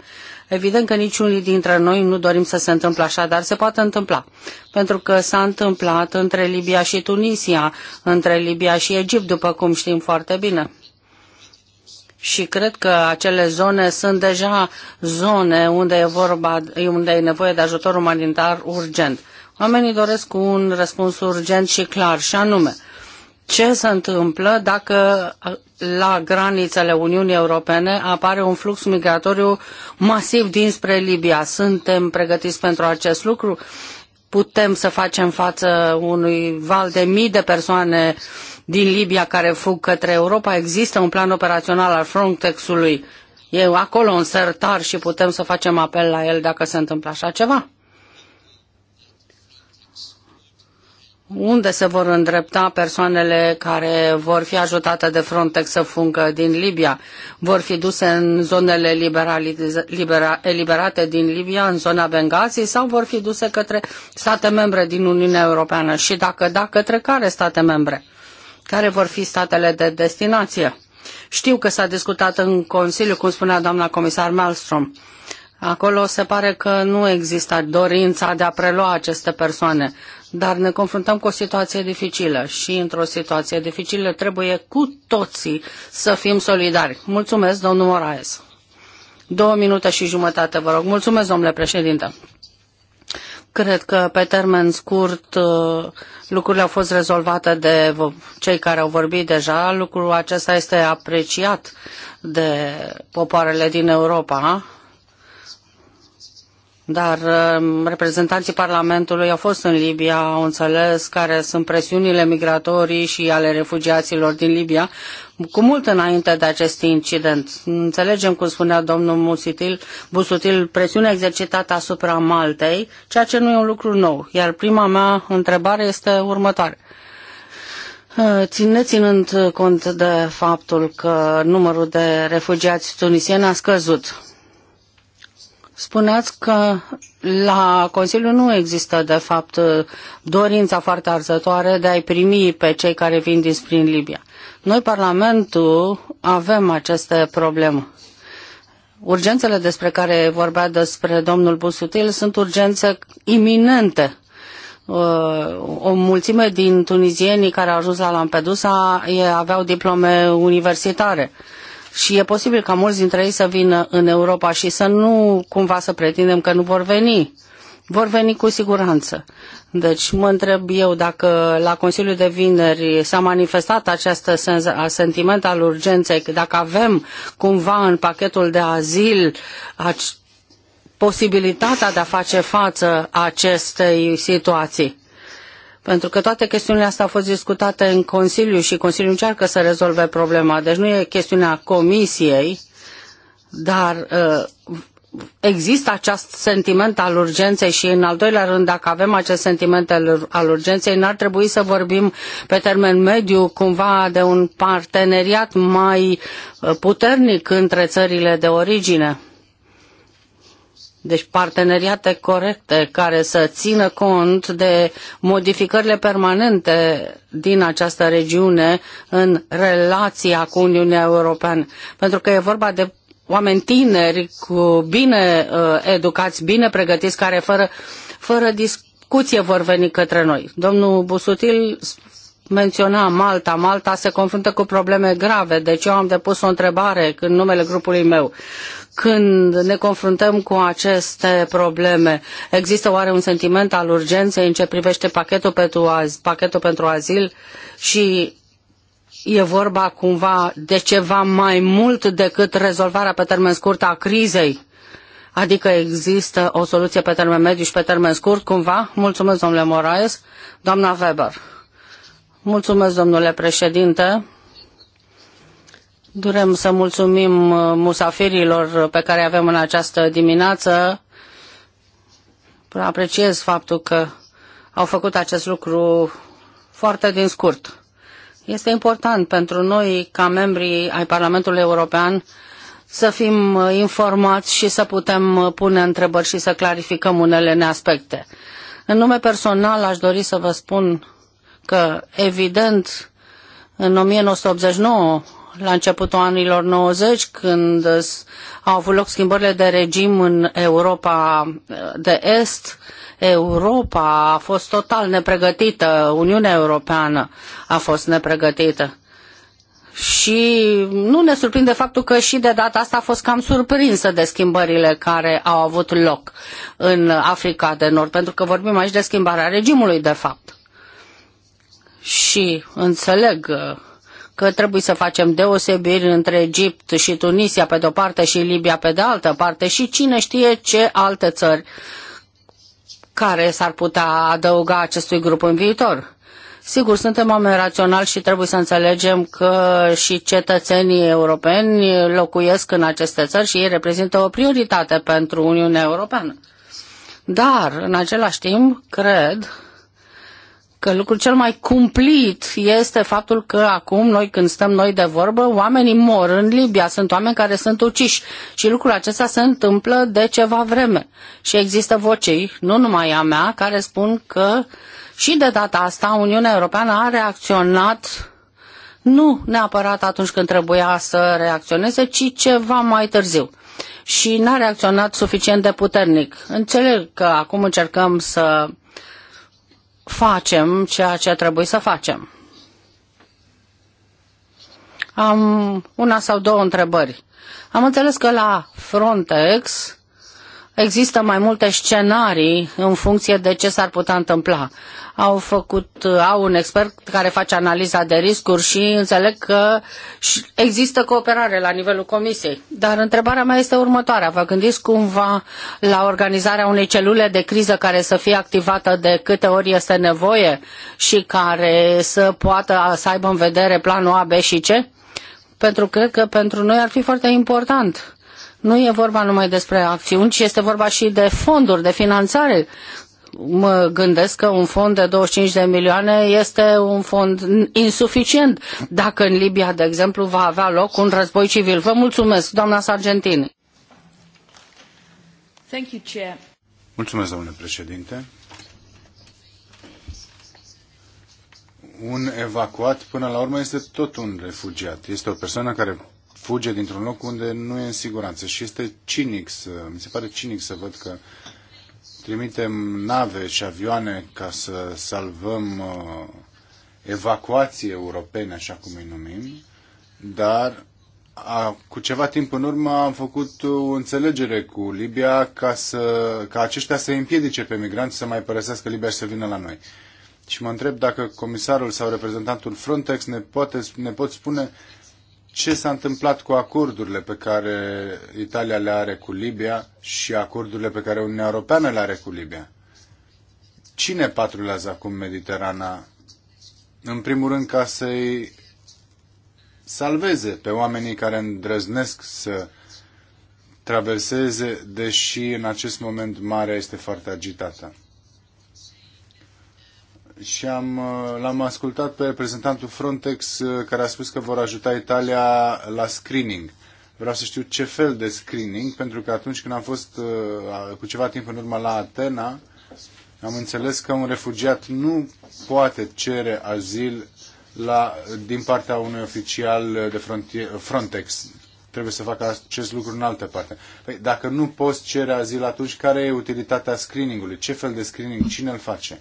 Evident că niciunii dintre noi nu dorim să se întâmple așa, dar se poate întâmpla. Pentru că s-a întâmplat între Libia și Tunisia, între Libia și Egipt, după cum știm foarte bine. Și cred că acele zone sunt deja zone unde e, vorba, unde e nevoie de ajutor umanitar urgent. Oamenii doresc un răspuns urgent și clar, și anume – ce se întâmplă dacă la granițele Uniunii Europene apare un flux migratoriu masiv dinspre Libia. Suntem pregătiți pentru acest lucru? Putem să facem față unui val de mii de persoane din Libia care fug către Europa? Există un plan operațional al Frontex-ului? E acolo un sertar și putem să facem apel la el dacă se întâmplă așa ceva? unde se vor îndrepta persoanele care vor fi ajutate de Frontex să fungă din Libia? Vor fi duse în zonele libera, eliberate din Libia, în zona Benghazi, sau vor fi duse către state membre din Uniunea Europeană? Și dacă da, către care state membre? Care vor fi statele de destinație? Știu că s-a discutat în Consiliu, cum spunea doamna comisar Malmström Acolo se pare că nu există dorința de a prelua aceste persoane, dar ne confruntăm cu o situație dificilă și într-o situație dificilă trebuie cu toții să fim solidari. Mulțumesc, domnul Moraes. Două minute și jumătate, vă rog. Mulțumesc, domnule președinte. Cred că pe termen scurt uh, lucrurile au fost rezolvate de cei care au vorbit deja. Lucrul acesta este apreciat de popoarele din Europa dar um, reprezentanții Parlamentului au fost în Libia, au înțeles care sunt presiunile migratorii și ale refugiaților din Libia, cu mult înainte de acest incident. Înțelegem, cum spunea domnul Musitil, Busutil, presiunea exercitată asupra Maltei, ceea ce nu e un lucru nou. Iar prima mea întrebare este următoare. Uh, Ține, ținând cont de faptul că numărul de refugiați tunisieni a scăzut, Spuneați că la Consiliu nu există, de fapt, dorința foarte arzătoare de a-i primi pe cei care vin dinspre Libia. Noi, Parlamentul, avem aceste probleme. Urgențele despre care vorbea despre domnul Busutil sunt urgențe iminente. Uh, o mulțime din tunizienii care au ajuns la Lampedusa aveau diplome universitare și e posibil ca mulți dintre ei să vină în Europa și să nu cumva să pretindem că nu vor veni. Vor veni cu siguranță. Deci mă întreb eu dacă la Consiliul de Vineri s-a manifestat acest sentiment al urgenței, dacă avem cumva în pachetul de azil posibilitatea de a face față acestei situații. Pentru că toate chestiunile astea au fost discutate în Consiliu și Consiliul încearcă să rezolve problema. Deci nu e chestiunea Comisiei, dar uh, există acest sentiment al urgenței și în al doilea rând, dacă avem acest sentiment al urgenței, n-ar trebui să vorbim pe termen mediu cumva de un parteneriat mai uh, puternic între țările de origine deci parteneriate corecte care să țină cont de modificările permanente din această regiune în relația cu Uniunea Europeană. Pentru că e vorba de oameni tineri, cu bine uh, educați, bine pregătiți, care fără, fără discuție vor veni către noi. Domnul Busutil menționa Malta. Malta se confruntă cu probleme grave, deci eu am depus o întrebare în numele grupului meu când ne confruntăm cu aceste probleme, există oare un sentiment al urgenței în ce privește pachetul pentru, az, pachetul pentru azil și e vorba cumva de ceva mai mult decât rezolvarea pe termen scurt a crizei? Adică există o soluție pe termen mediu și pe termen scurt, cumva? Mulțumesc, domnule Moraes. Doamna Weber. Mulțumesc, domnule președinte. Durem să mulțumim uh, musafirilor pe care avem în această dimineață. Apreciez faptul că au făcut acest lucru foarte din scurt. Este important pentru noi, ca membri ai Parlamentului European, să fim uh, informați și să putem uh, pune întrebări și să clarificăm unele aspecte. În nume personal aș dori să vă spun că, evident, în 1989 la începutul anilor 90, când au avut loc schimbările de regim în Europa eh, de Est, Europa a fost total nepregătită, Uniunea Europeană a fost nepregătită. Și nu ne surprinde faptul că și de data asta a fost cam surprinsă de schimbările care au avut loc în Africa de Nord, pentru că vorbim aici de schimbarea regimului, de fapt. Și înțeleg eh, că trebuie să facem deosebiri între Egipt și Tunisia pe de-o parte și Libia pe de altă parte și cine știe ce alte țări care s-ar putea adăuga acestui grup în viitor. Sigur, suntem oameni raționali și trebuie să înțelegem că și cetățenii europeni locuiesc în aceste țări și ei reprezintă o prioritate pentru Uniunea Europeană. Dar, în același timp, cred că lucrul cel mai cumplit este faptul că acum noi când stăm noi de vorbă, oamenii mor în Libia, sunt oameni care sunt uciși și lucrul acesta se întâmplă de ceva vreme. Și există vocei, nu numai a mea, care spun că și de data asta Uniunea Europeană a reacționat nu neapărat atunci când trebuia să reacționeze, ci ceva mai târziu. Și n-a reacționat suficient de puternic. Înțeleg că acum încercăm să facem ceea ce trebuie să facem. Am una sau două întrebări. Am înțeles că la Frontex Există mai multe scenarii în funcție de ce s-ar putea întâmpla. Au făcut, au un expert care face analiza de riscuri și înțeleg că există cooperare la nivelul comisiei. Dar întrebarea mea este următoarea. Vă gândiți cumva la organizarea unei celule de criză care să fie activată de câte ori este nevoie și care să poată să aibă în vedere planul A, B și C? Pentru că cred că pentru noi ar fi foarte important nu e vorba numai despre acțiuni, ci este vorba și de fonduri, de finanțare. Mă gândesc că un fond de 25 de milioane este un fond insuficient dacă în Libia, de exemplu, va avea loc un război civil. Vă mulțumesc, doamna Sargentini. Thank you, Chair. Mulțumesc, domnule președinte. un evacuat până la urmă este tot un refugiat. Este o persoană care fuge dintr-un loc unde nu e în siguranță. Și este cinic, să, mi se pare cinic să văd că trimitem nave și avioane ca să salvăm uh, evacuații europene, așa cum îi numim, dar a, cu ceva timp în urmă am făcut o uh, înțelegere cu Libia ca, să, ca aceștia să împiedice pe migranți să mai părăsească Libia și să vină la noi. Și mă întreb dacă comisarul sau reprezentantul Frontex ne, poate, ne pot spune ce s-a întâmplat cu acordurile pe care Italia le are cu Libia și acordurile pe care Uniunea Europeană le are cu Libia. Cine patrulează acum Mediterana? În primul rând ca să-i salveze pe oamenii care îndrăznesc să traverseze, deși în acest moment marea este foarte agitată și am, uh, l-am ascultat pe reprezentantul Frontex uh, care a spus că vor ajuta Italia la screening. Vreau să știu ce fel de screening, pentru că atunci când am fost uh, cu ceva timp în urmă la Atena, am înțeles că un refugiat nu poate cere azil la, din partea unui oficial de frontier, Frontex. Trebuie să facă acest lucru în altă parte. Păi, dacă nu poți cere azil, atunci care e utilitatea screeningului? Ce fel de screening? Cine îl face?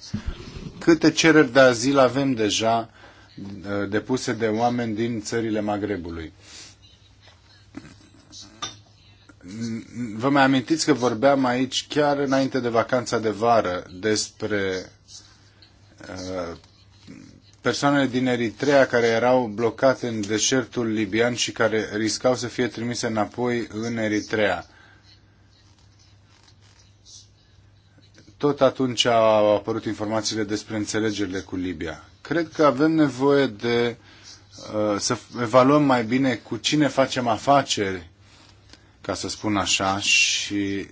câte cereri de azil avem deja uh, depuse de oameni din țările Magrebului. Vă mai amintiți că vorbeam aici chiar înainte de vacanța de vară despre uh, persoanele din Eritrea care erau blocate în deșertul libian și care riscau să fie trimise înapoi în Eritrea. tot atunci au apărut informațiile despre înțelegerile cu Libia. Cred că avem nevoie de uh, să evaluăm mai bine cu cine facem afaceri, ca să spun așa, și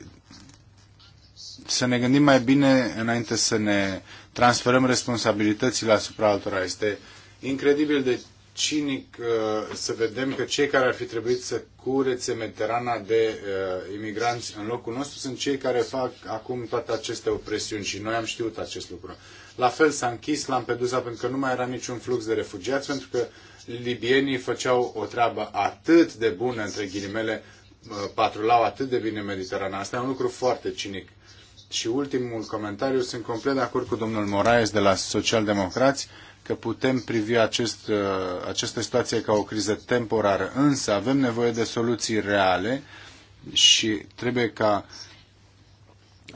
să ne gândim mai bine înainte să ne transferăm responsabilitățile asupra altora. Este incredibil de cinic uh, să vedem că cei care ar fi trebuit să curețe meterana de uh, imigranți în locul nostru sunt cei care fac acum toate aceste opresiuni și noi am știut acest lucru. La fel s-a închis Lampedusa pentru că nu mai era niciun flux de refugiați, pentru că libienii făceau o treabă atât de bună, între ghilimele, uh, patrulau atât de bine Mediterana. Asta e un lucru foarte cinic. Și ultimul comentariu, sunt complet de acord cu domnul Moraes de la Socialdemocrați, că putem privi acest, uh, această situație ca o criză temporară, însă avem nevoie de soluții reale și trebuie ca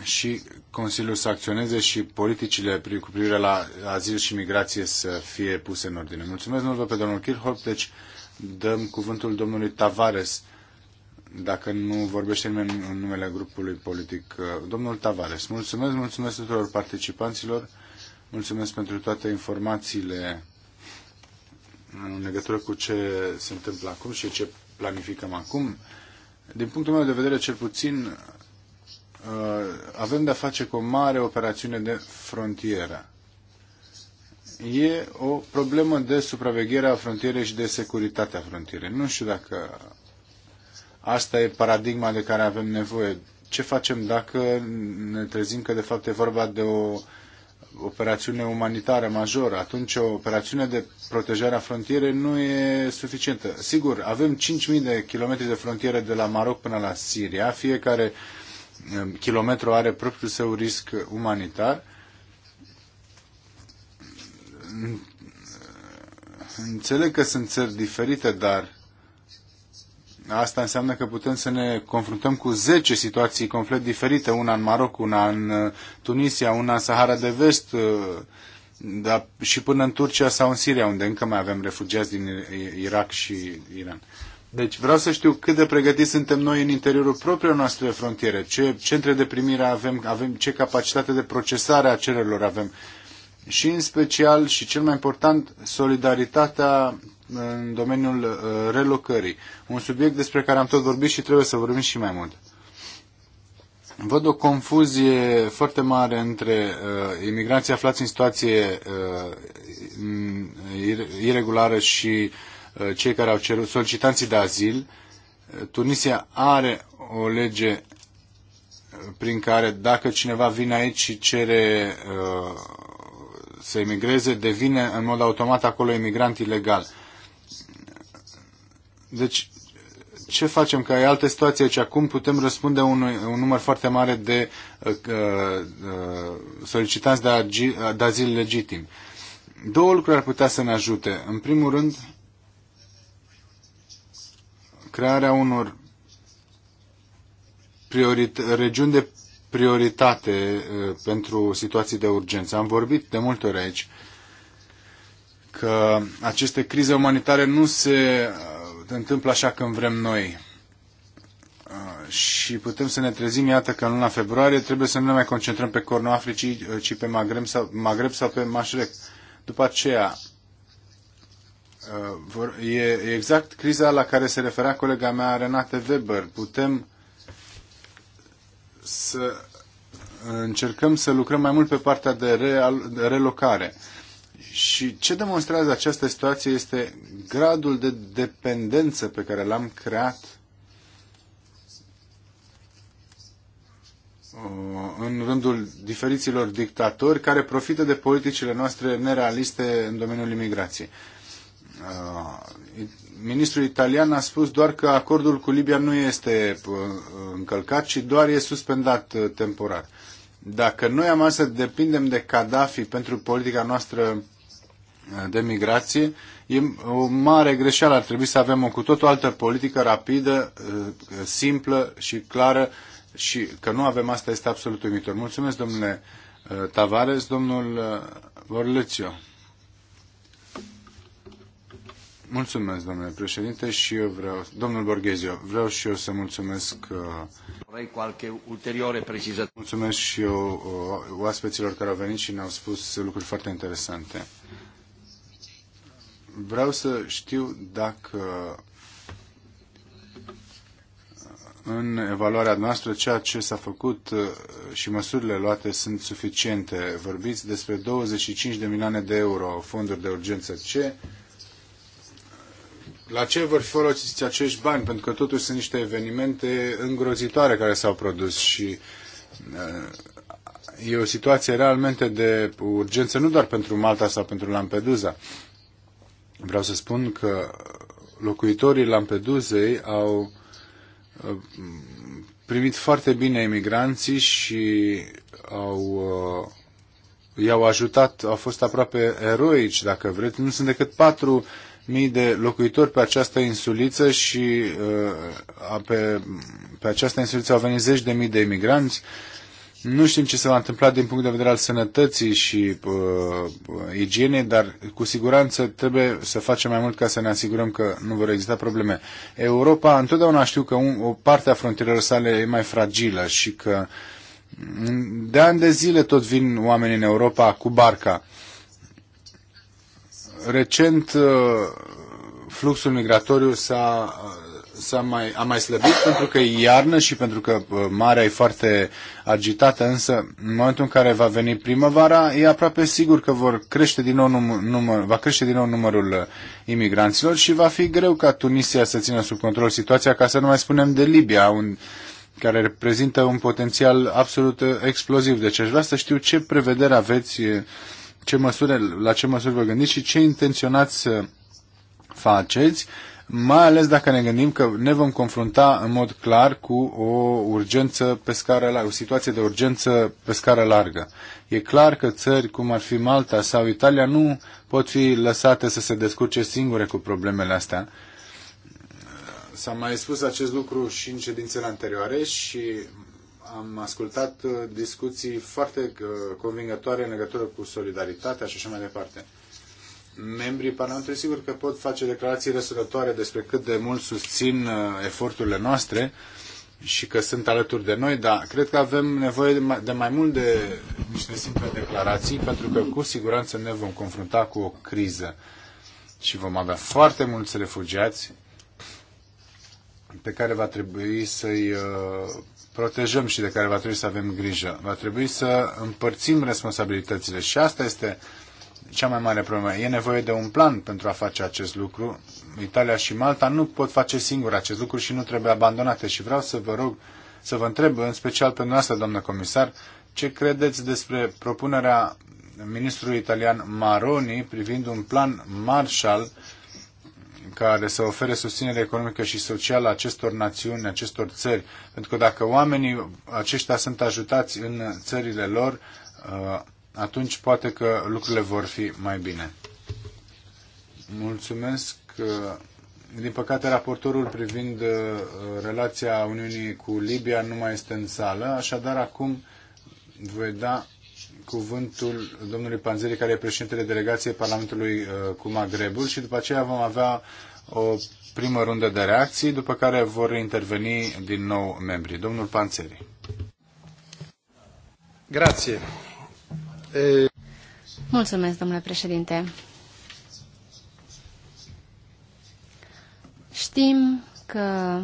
și Consiliul să acționeze și politicile cu privire la azil și migrație să fie puse în ordine. Mulțumesc mult pe domnul Kirchhoff, deci dăm cuvântul domnului Tavares, dacă nu vorbește nimeni în numele grupului politic. Uh, domnul Tavares, mulțumesc, mulțumesc tuturor participanților Mulțumesc pentru toate informațiile în legătură cu ce se întâmplă acum și ce planificăm acum. Din punctul meu de vedere, cel puțin, uh, avem de-a face cu o mare operațiune de frontieră. E o problemă de supraveghere a frontierei și de securitatea frontierei. Nu știu dacă asta e paradigma de care avem nevoie. Ce facem dacă ne trezim că, de fapt, e vorba de o operațiune umanitară majoră, atunci o operațiune de protejare a frontierei nu e suficientă. Sigur, avem 5.000 de kilometri de frontieră de la Maroc până la Siria, fiecare um, kilometru are propriul său risc umanitar. Înțeleg că sunt țări diferite, dar Asta înseamnă că putem să ne confruntăm cu 10 situații complet diferite, una în Maroc, una în uh, Tunisia, una în Sahara de Vest, uh, dar și până în Turcia sau în Siria, unde încă mai avem refugiați din Irak și Iran. Deci vreau să știu cât de pregătiți suntem noi în interiorul propriei noastre frontiere, ce centre de primire avem, avem ce capacitate de procesare a cererilor avem și în special și cel mai important solidaritatea în domeniul uh, relocării. Un subiect despre care am tot vorbit și trebuie să vorbim și mai mult. Văd o confuzie foarte mare între uh, imigranții aflați în situație uh, irregulară și uh, cei care au cerut solicitanții de azil. Tunisia are o lege uh, prin care dacă cineva vine aici și cere uh, să emigreze, devine în mod automat acolo imigrant ilegal. Deci, ce facem? Că e altă situație aici. Acum putem răspunde un, un număr foarte mare de uh, uh, uh solicitanți de, agi, de azil legitim. Două lucruri ar putea să ne ajute. În primul rând, crearea unor regiuni de prioritate uh, pentru situații de urgență. Am vorbit de multe ori aici că aceste crize umanitare nu se întâmplă așa când vrem noi. Uh, și putem să ne trezim, iată că în luna februarie trebuie să nu ne mai concentrăm pe Cornul Africii, uh, ci pe Maghreb sau, Maghreb sau pe Mașrec. După aceea, uh, e exact criza la care se refera colega mea Renate Weber. Putem să încercăm să lucrăm mai mult pe partea de, re, de relocare. Și ce demonstrează această situație este gradul de dependență pe care l-am creat uh, în rândul diferiților dictatori care profită de politicile noastre nerealiste în domeniul imigrației. Uh, ministrul italian a spus doar că acordul cu Libia nu este uh, încălcat, ci doar e suspendat temporar. Dacă noi am să depindem de Gaddafi pentru politica noastră de migrație. E o mare greșeală. Ar trebui să avem o cu totul altă politică rapidă, uh, simplă și clară și că nu avem asta este absolut uimitor. Mulțumesc, domnule uh, Tavares, domnul uh, Vorlețiu. Mulțumesc, domnule președinte, și eu vreau, domnul Borghezio, vreau și eu să mulțumesc Vrei qualche ulteriore precizări. Mulțumesc și eu oaspeților care au venit și ne-au spus lucruri foarte interesante vreau să știu dacă în evaluarea noastră ceea ce s-a făcut uh, și măsurile luate sunt suficiente. Vorbiți despre 25 de milioane de euro fonduri de urgență. Ce? La ce vor fi folosiți acești bani? Pentru că totuși sunt niște evenimente îngrozitoare care s-au produs și uh, e o situație realmente de urgență, nu doar pentru Malta sau pentru Lampedusa. Vreau să spun că locuitorii Lampedusei au uh, primit foarte bine emigranții și au, uh, i-au ajutat, au fost aproape eroici, dacă vreți. Nu sunt decât patru mii de locuitori pe această insuliță și uh, pe, pe această insuliță au venit zeci de mii de emigranți. Nu știm ce se va întâmpla din punct de vedere al sănătății și uh, igienei, dar cu siguranță trebuie să facem mai mult ca să ne asigurăm că nu vor exista probleme. Europa întotdeauna știu că un, o parte a frontierelor sale e mai fragilă și că de ani de zile tot vin oameni în Europa cu barca. Recent uh, fluxul migratoriu s-a s-a mai, a mai slăbit pentru că e iarnă și pentru că uh, marea e foarte agitată, însă în momentul în care va veni primăvara, e aproape sigur că vor crește din nou num, număr, va crește din nou numărul uh, imigranților și va fi greu ca Tunisia să țină sub control situația, ca să nu mai spunem de Libia, un, care reprezintă un potențial absolut uh, exploziv. Deci aș vrea să știu ce prevedere aveți, ce măsuri, la ce măsuri vă gândiți și ce intenționați să faceți mai ales dacă ne gândim că ne vom confrunta în mod clar cu o urgență pe scară largă, o situație de urgență pe scară largă. E clar că țări cum ar fi Malta sau Italia nu pot fi lăsate să se descurce singure cu problemele astea. S-a mai spus acest lucru și în ședințele anterioare și am ascultat uh, discuții foarte uh, convingătoare în legătură cu solidaritatea și așa mai departe membrii Parlamentului. Sigur că pot face declarații răsărătoare despre cât de mult susțin uh, eforturile noastre și că sunt alături de noi, dar cred că avem nevoie de mai, de mai mult de niște simple declarații, pentru că cu siguranță ne vom confrunta cu o criză și vom avea foarte mulți refugiați pe care va trebui să-i uh, protejăm și de care va trebui să avem grijă. Va trebui să împărțim responsabilitățile și asta este uh, cea mai mare problemă. E nevoie de un plan pentru a face acest lucru. Italia și Malta nu pot face singur acest lucru și nu trebuie abandonate. Și vreau să vă rog să vă întreb, în special pe noastră, doamnă comisar, ce credeți despre propunerea ministrului italian Maroni privind un plan Marshall care să ofere susținere economică și socială acestor națiuni, acestor țări. Pentru că dacă oamenii aceștia sunt ajutați în țările lor, uh, atunci poate că lucrurile vor fi mai bine. Mulțumesc. Din păcate, raportorul privind uh, relația Uniunii cu Libia nu mai este în sală, așadar acum voi da cuvântul domnului Panzeri, care e președintele delegației Parlamentului uh, cu Magrebul și după aceea vom avea o primă rundă de reacții, după care vor interveni din nou membrii. Domnul Panzeri. Grazie. Mulțumesc, domnule președinte. Știm că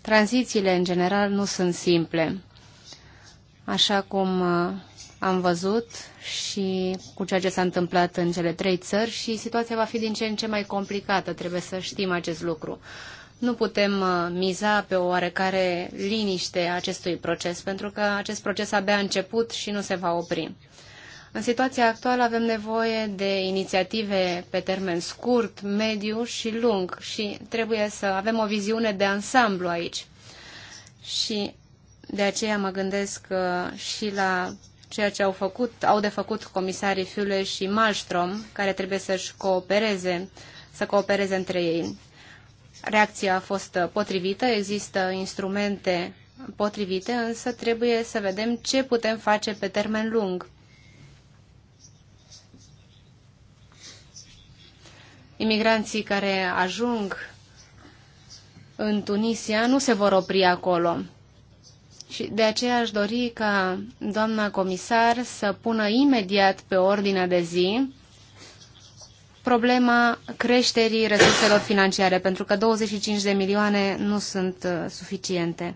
tranzițiile în general nu sunt simple. Așa cum uh, am văzut și cu ceea ce s-a întâmplat în cele trei țări și situația va fi din ce în ce mai complicată, trebuie să știm acest lucru. Nu putem uh, miza pe o oarecare liniște a acestui proces, pentru că acest proces abia a început și nu se va opri. În situația actuală avem nevoie de inițiative pe termen scurt, mediu și lung și trebuie să avem o viziune de ansamblu aici. Și de aceea mă gândesc uh, și la ceea ce au, făcut, au de făcut comisarii Fiule și Malmström, care trebuie să-și coopereze, să coopereze între ei. Reacția a fost potrivită, există instrumente potrivite, însă trebuie să vedem ce putem face pe termen lung imigranții care ajung în Tunisia nu se vor opri acolo. Și de aceea aș dori ca doamna comisar să pună imediat pe ordinea de zi problema creșterii resurselor financiare, pentru că 25 de milioane nu sunt uh, suficiente.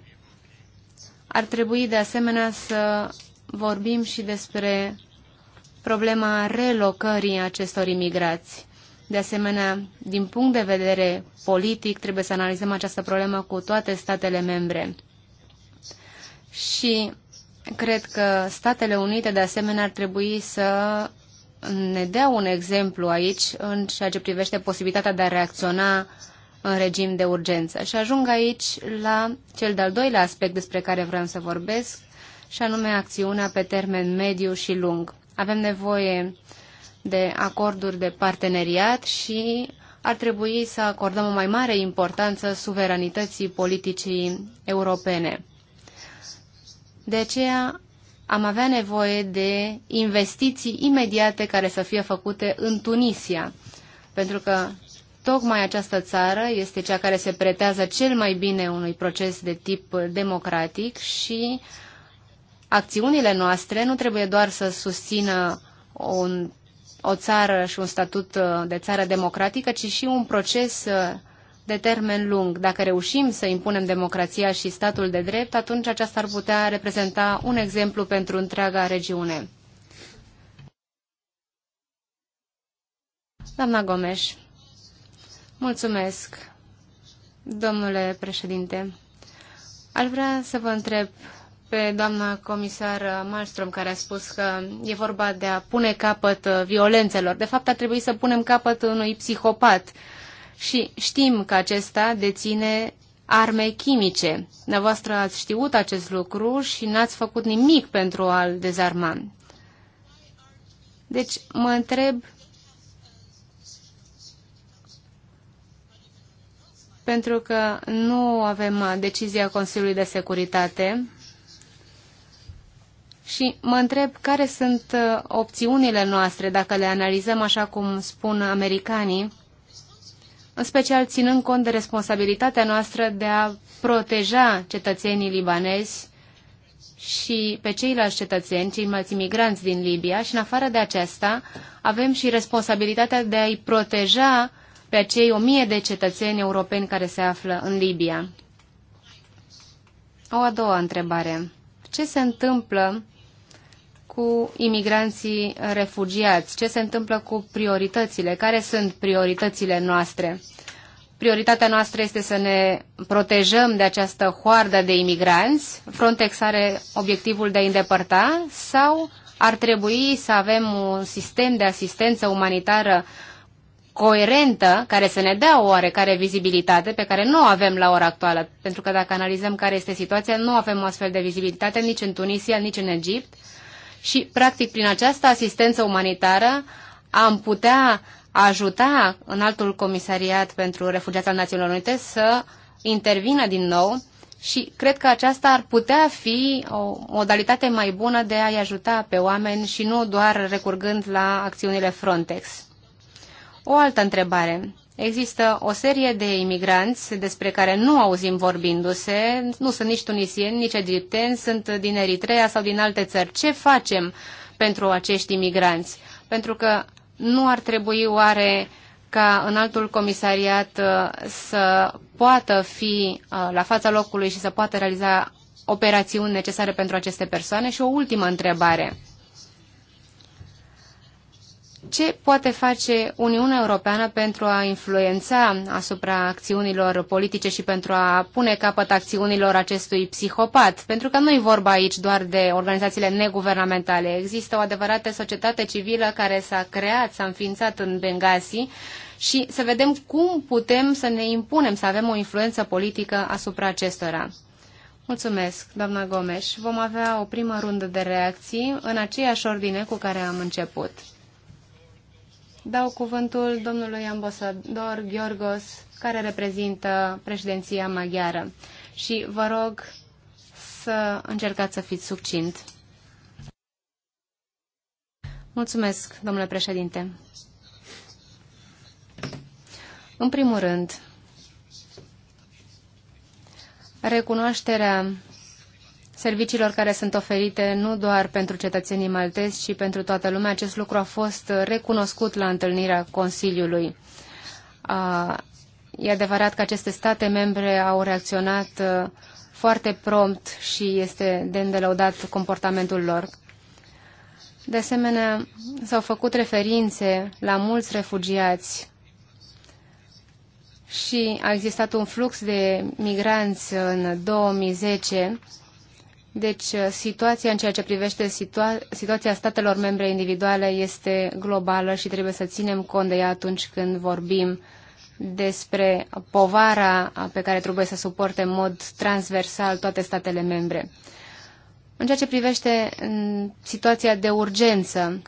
Ar trebui de asemenea să vorbim și despre problema relocării acestor imigrați. De asemenea, din punct de vedere politic, trebuie să analizăm această problemă cu toate statele membre. Și cred că Statele Unite, de asemenea, ar trebui să ne dea un exemplu aici în ceea ce privește posibilitatea de a reacționa în regim de urgență. Și ajung aici la cel de-al doilea aspect despre care vreau să vorbesc, și anume acțiunea pe termen mediu și lung. Avem nevoie uh, de acorduri de parteneriat și ar trebui să acordăm o mai mare importanță suveranității politicii europene. De aceea am avea nevoie de investiții imediate care să fie făcute în Tunisia, pentru că tocmai această țară este cea care se pretează cel mai bine unui proces de tip democratic și acțiunile noastre nu trebuie doar să susțină un o țară și un statut uh, de țară democratică, ci și un proces uh, de termen lung. Dacă reușim să impunem democrația și statul de drept, atunci aceasta ar putea reprezenta un exemplu pentru întreaga regiune. Doamna Gomes, mulțumesc, domnule președinte. Aș vrea să vă întreb pe doamna comisar Malmström, care a spus că e vorba de a pune capăt uh, violențelor. De fapt, ar trebui să punem capăt unui psihopat. Și știm că acesta deține arme chimice. Dumneavoastră ați știut acest lucru și n-ați făcut nimic pentru a-l dezarma. Deci mă întreb pentru că nu avem decizia Consiliului de Securitate și mă întreb care sunt uh, opțiunile noastre dacă le analizăm așa cum spun americanii, în special ținând cont de responsabilitatea noastră de a proteja cetățenii libanezi și pe ceilalți cetățeni, mulți imigranți din Libia și în afară de aceasta avem și responsabilitatea de a-i proteja pe acei o mie de cetățeni europeni care se află în Libia. O a doua întrebare. Ce se întâmplă cu imigranții refugiați? Ce se întâmplă cu prioritățile? Care sunt prioritățile noastre? Prioritatea noastră este să ne protejăm de această hoardă de imigranți. Frontex are obiectivul de a îndepărta sau ar trebui să avem un sistem de asistență umanitară coerentă, care să ne dea o oarecare vizibilitate pe care nu o avem la ora actuală. Pentru că dacă analizăm care este situația, nu avem o astfel de vizibilitate nici în Tunisia, nici în Egipt și, practic, prin această asistență umanitară am putea ajuta în altul comisariat pentru refugiați al Națiunilor Unite să intervină din nou și cred că aceasta ar putea fi o modalitate mai bună de a-i ajuta pe oameni și nu doar recurgând la acțiunile Frontex. O altă întrebare. Există o serie de imigranți despre care nu auzim vorbindu-se, nu sunt nici tunisieni, nici egipteni, sunt din Eritrea sau din alte țări. Ce facem pentru acești imigranți? Pentru că nu ar trebui oare ca în altul comisariat uh, să poată fi uh, la fața locului și să poată realiza operațiuni necesare pentru aceste persoane? Și o ultimă întrebare. Ce poate face Uniunea Europeană pentru a influența asupra acțiunilor politice și pentru a pune capăt acțiunilor acestui psihopat? Pentru că nu e vorba aici doar de organizațiile neguvernamentale. Există o adevărată societate civilă care s-a creat, s-a înființat în Benghazi și să vedem cum putem să ne impunem să avem o influență politică asupra acestora. Mulțumesc, doamna Gomes. Vom avea o primă rundă de reacții în aceeași ordine cu care am început. Dau cuvântul domnului ambasador Gheorgos, care reprezintă președinția maghiară. Și vă rog să încercați să fiți succint. Mulțumesc, domnule președinte. În primul rând, recunoașterea serviciilor care sunt oferite nu doar pentru cetățenii maltezi, ci pentru toată lumea. Acest lucru a fost recunoscut la întâlnirea Consiliului. E adevărat că aceste state membre au reacționat foarte prompt și este de îndelăudat comportamentul lor. De asemenea, s-au făcut referințe la mulți refugiați și a existat un flux de migranți în 2010 deci, uh, situația în ceea ce privește situa situația statelor membre individuale este globală și trebuie să ținem cont de ea atunci când vorbim despre povara pe care trebuie să suporte în mod transversal toate statele membre. În ceea ce privește mm, situația de urgență,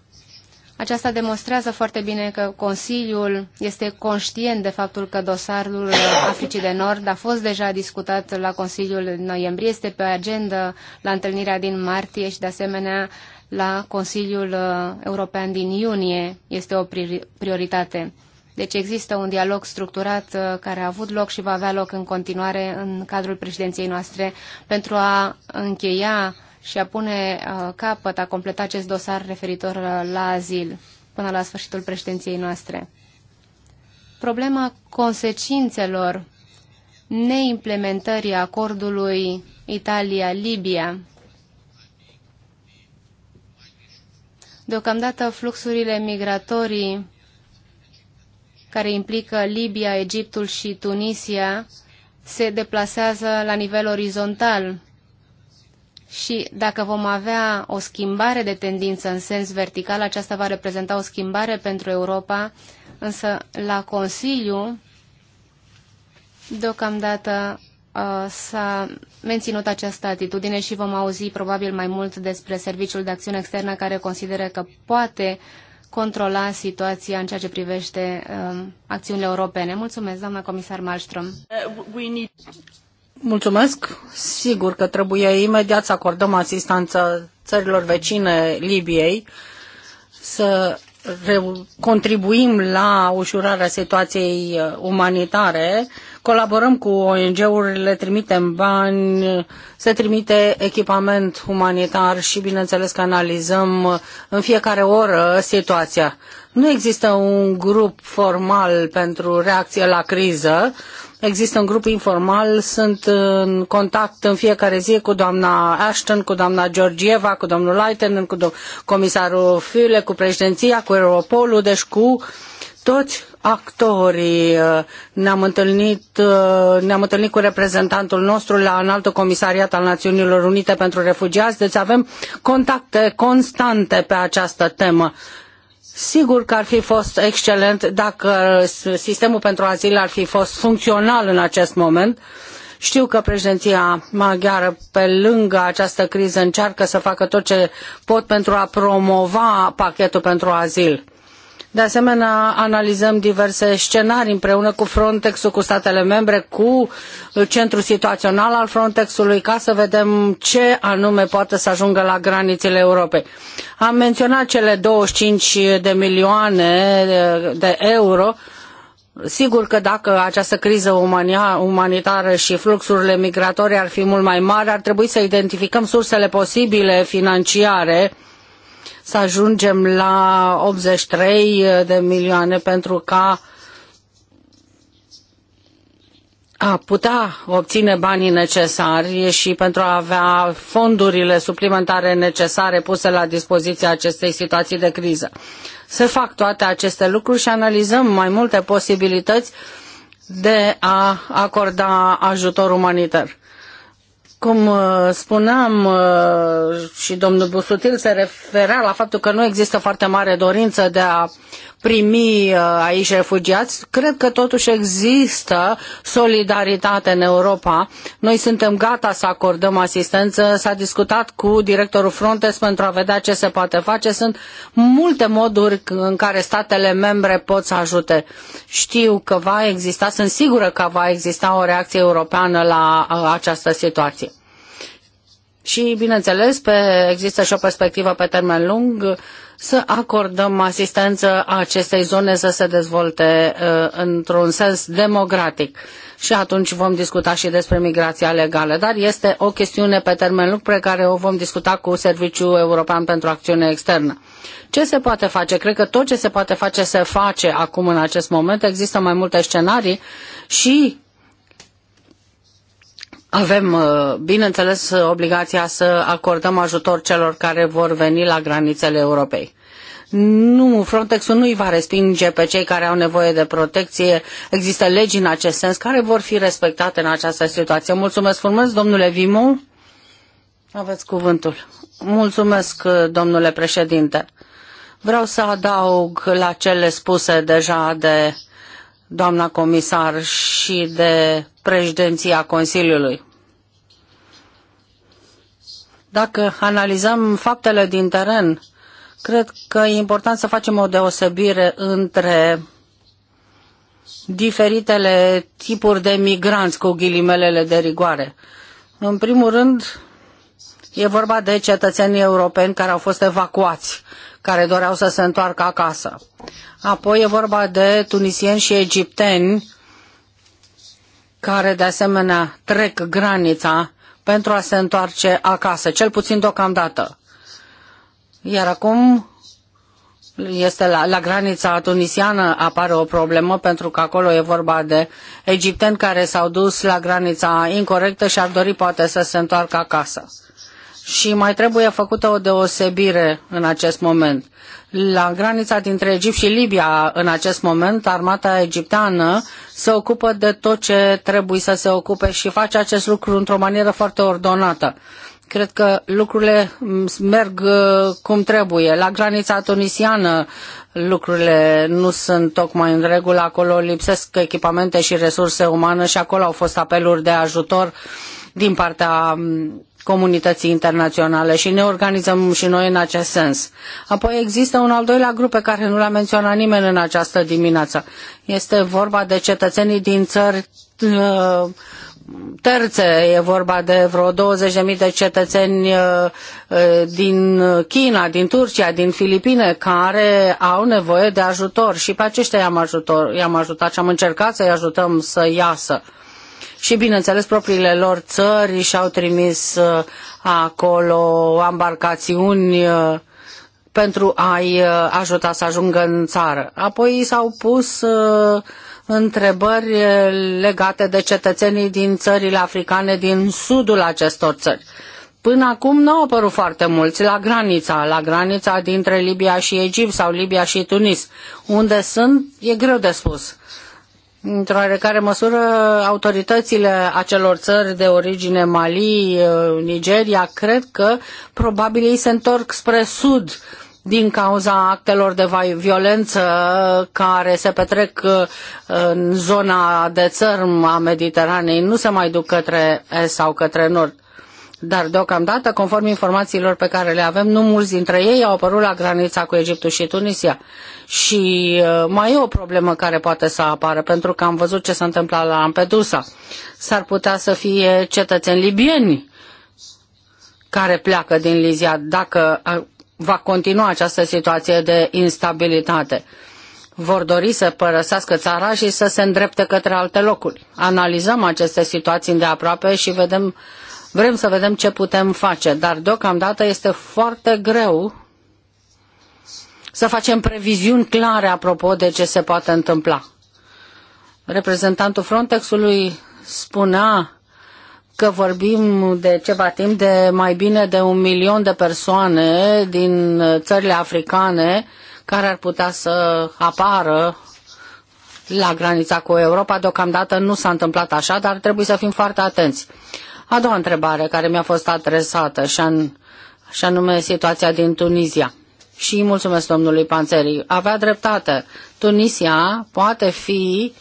aceasta demonstrează foarte bine că Consiliul este conștient de faptul că dosarul Africii de Nord a fost deja discutat la Consiliul noiembrie, este pe agenda la întâlnirea din martie și de asemenea la Consiliul uh, European din iunie este o prioritate. Deci există un dialog structurat uh, care a avut loc și va avea loc în continuare în cadrul președinției noastre pentru a încheia și a pune uh, capăt, a completa acest dosar referitor uh, la azil până la sfârșitul președinției noastre. Problema consecințelor neimplementării acordului Italia-Libia. Deocamdată fluxurile migratorii care implică Libia, Egiptul și Tunisia se deplasează la nivel orizontal și dacă vom avea o schimbare de tendință în sens vertical, aceasta va reprezenta o schimbare pentru Europa, însă la Consiliu deocamdată uh, s-a menținut această atitudine și vom auzi probabil mai mult despre Serviciul de Acțiune Externă care consideră că poate controla situația în ceea ce privește uh, acțiunile europene. Mulțumesc, doamna comisar Malmström. Uh, Mulțumesc. Sigur că trebuie imediat să acordăm asistență țărilor vecine Libiei, să contribuim la ușurarea situației uh, umanitare, colaborăm cu ONG-urile, le trimitem bani, se trimite echipament umanitar și, bineînțeles, că analizăm uh, în fiecare oră situația. Nu există un grup formal pentru reacție la criză, Există un grup informal, sunt în contact în fiecare zi cu doamna Ashton, cu doamna Georgieva, cu domnul Leitenen, cu comisarul Fiule, cu președinția, cu Europolul, deci cu toți actorii. Ne-am întâlnit, ne-am întâlnit cu reprezentantul nostru la înaltul comisariat al Națiunilor Unite pentru Refugiați, deci avem contacte constante pe această temă Sigur că ar fi fost excelent dacă sistemul pentru azil ar fi fost funcțional în acest moment. Știu că președinția maghiară, pe lângă această criză, încearcă să facă tot ce pot pentru a promova pachetul pentru azil. De asemenea, analizăm diverse scenarii împreună cu Frontex-ul, cu statele membre, cu centrul situațional al Frontex-ului, ca să vedem ce anume poate să ajungă la granițele Europei. Am menționat cele 25 de milioane de euro Sigur că dacă această criză umanitară și fluxurile migratorii ar fi mult mai mari, ar trebui să identificăm sursele posibile financiare uh, să ajungem la 83 de milioane pentru ca a putea obține banii necesari și pentru a avea fondurile suplimentare necesare puse la dispoziția acestei situații de criză. Se fac toate aceste lucruri și analizăm mai multe posibilități de a acorda ajutor umanitar. Cum uh, spuneam uh, și domnul Busutil se refera la faptul că nu există foarte mare dorință de a primi uh, aici refugiați, cred că totuși există solidaritate în Europa. Noi suntem gata să acordăm asistență. S-a discutat cu directorul Frontex pentru a vedea ce se poate face. Sunt multe moduri în care statele membre pot să ajute. Știu că va exista, sunt sigură că va exista o reacție europeană la uh, această situație. Și, bineînțeles, pe, există și o perspectivă pe termen lung să acordăm asistență acestei zone să se dezvolte uh, într-un sens democratic. Și atunci vom discuta și despre migrația legală. Dar este o chestiune pe termen lung pe care o vom discuta cu Serviciul European pentru Acțiune Externă. Ce se poate face? Cred că tot ce se poate face se face acum în acest moment. Există mai multe scenarii și avem, uh, bineînțeles, obligația să acordăm ajutor celor care vor veni la granițele Europei. Nu, Frontexul nu îi va respinge pe cei care au nevoie de protecție. Există legi în acest sens care vor fi respectate în această situație. Mulțumesc frumos, domnule Vimu. Aveți cuvântul. Mulțumesc, uh, domnule președinte. Vreau să adaug la cele spuse deja de doamna comisar, și de președinția Consiliului. Dacă analizăm faptele din teren, cred că e important să facem o deosebire între diferitele tipuri de migranți cu ghilimelele de rigoare. În primul rând, e vorba de cetățenii europeni care au fost evacuați care doreau să se întoarcă acasă. Apoi e vorba de tunisieni și egipteni care de asemenea trec granița pentru a se întoarce acasă, cel puțin deocamdată. Iar acum este la, la granița tunisiană apare o problemă pentru că acolo e vorba de egipteni care s-au dus la granița incorrectă și ar dori poate să se întoarcă acasă și mai trebuie făcută o deosebire în acest moment. La granița dintre Egipt și Libia, în acest moment, armata egipteană se ocupă de tot ce trebuie să se ocupe și face acest lucru într-o manieră foarte ordonată. Cred că lucrurile mm, merg uh, cum trebuie. La granița tunisiană lucrurile nu sunt tocmai în regulă, acolo lipsesc echipamente și resurse umane și acolo au fost apeluri de ajutor din partea mm, comunității internaționale și ne organizăm și noi în acest sens. Apoi există un al doilea grup pe care nu l-a menționat nimeni în această dimineață. Este vorba de cetățenii din țări uh, terțe, e vorba de vreo 20.000 de cetățeni uh, uh, din China, din Turcia, din Filipine, care au nevoie de ajutor și pe aceștia i-am, ajutor, i-am ajutat și am încercat să-i ajutăm să iasă și, bineînțeles, propriile lor țări și-au trimis uh, acolo embarcațiuni uh, pentru a-i uh, ajuta să ajungă în țară. Apoi s-au pus întrebări legate de cetățenii din țările africane din sudul acestor țări. Până acum nu au apărut foarte mulți la granița, la granița dintre Libia și Egipt sau Libia și Tunis. Unde sunt, e greu de spus într-o oarecare măsură, autoritățile acelor țări de origine Mali, eh, Nigeria, cred că probabil ei se întorc spre sud din cauza actelor de violență eh, care se petrec eh, în zona de țărm a Mediteranei, nu se mai duc către est sau către nord. Dar deocamdată, conform informațiilor pe care le avem, nu mulți dintre ei au apărut la granița cu Egiptul și Tunisia. Și uh, mai e o problemă care poate să apară, pentru că am văzut ce s-a întâmplat la Lampedusa. S-ar putea să fie cetățeni libieni care pleacă din Lizia dacă uh, va continua această situație de instabilitate vor dori să părăsească țara și să se îndrepte către alte locuri. Analizăm aceste situații de aproape și vedem Vrem să vedem ce putem face, dar deocamdată este foarte greu să facem previziuni clare apropo de ce se poate întâmpla. Reprezentantul Frontexului spunea că vorbim de ceva timp de mai bine de un milion de persoane din țările africane care ar putea să apară la granița cu Europa. Deocamdată nu s-a întâmplat așa, dar trebuie să fim foarte atenți a doua întrebare care mi-a fost adresată și, an, și anume situația din Tunisia. Și mulțumesc domnului Panțeri. Avea dreptate. Tunisia poate fi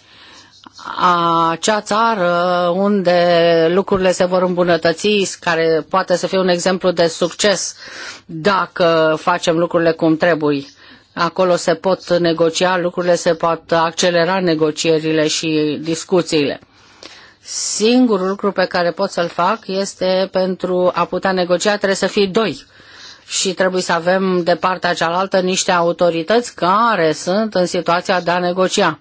acea țară unde lucrurile se vor îmbunătăți, care poate să fie un exemplu de succes dacă facem lucrurile cum trebuie. Acolo se pot negocia lucrurile, se pot accelera negocierile și discuțiile. Singurul lucru pe care pot să-l fac este pentru a putea negocia trebuie să fie doi și trebuie să avem de partea cealaltă niște autorități care sunt în situația de a negocia.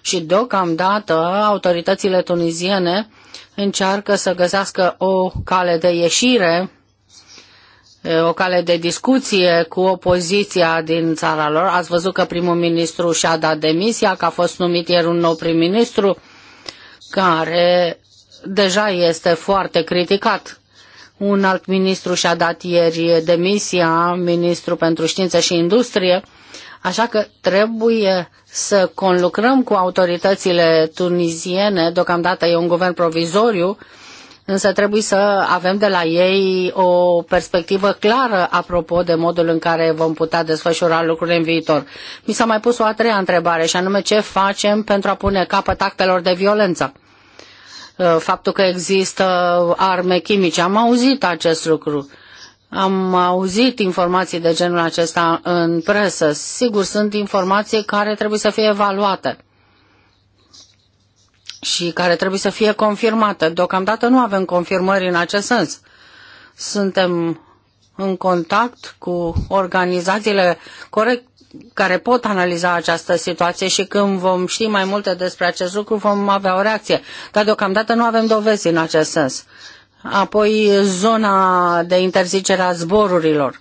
Și deocamdată autoritățile tuniziene încearcă să găsească o cale de ieșire, o cale de discuție cu opoziția din țara lor. Ați văzut că primul ministru și-a dat demisia, că a fost numit ieri un nou prim-ministru care deja este foarte criticat. Un alt ministru și-a dat ieri demisia, ministru pentru știință și industrie, Așa că trebuie să conlucrăm cu autoritățile tuniziene. Deocamdată e un guvern provizoriu, însă trebuie să avem de la ei o perspectivă clară apropo de modul în care vom putea desfășura lucrurile în viitor. Mi s-a mai pus o a treia întrebare și anume ce facem pentru a pune capăt actelor de violență. Uh, faptul că există arme chimice. Am auzit acest lucru. Am auzit informații de genul acesta în presă. Sigur, sunt informații care trebuie să fie evaluate și care trebuie să fie confirmate. Deocamdată nu avem confirmări în acest sens. Suntem în contact cu organizațiile corect care pot analiza această situație și când vom ști mai multe despre acest lucru vom avea o reacție. Dar deocamdată nu avem dovezi în acest sens. Apoi zona de interzicere a zborurilor.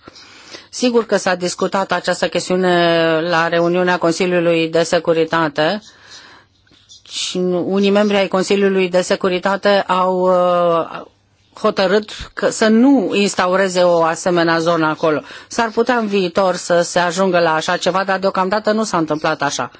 Sigur că s-a discutat această chestiune la reuniunea Consiliului de Securitate și unii membri ai Consiliului de Securitate au uh, hotărât că să nu instaureze o asemenea zonă acolo. S-ar putea în viitor să se ajungă la așa ceva, dar deocamdată nu s-a întâmplat așa.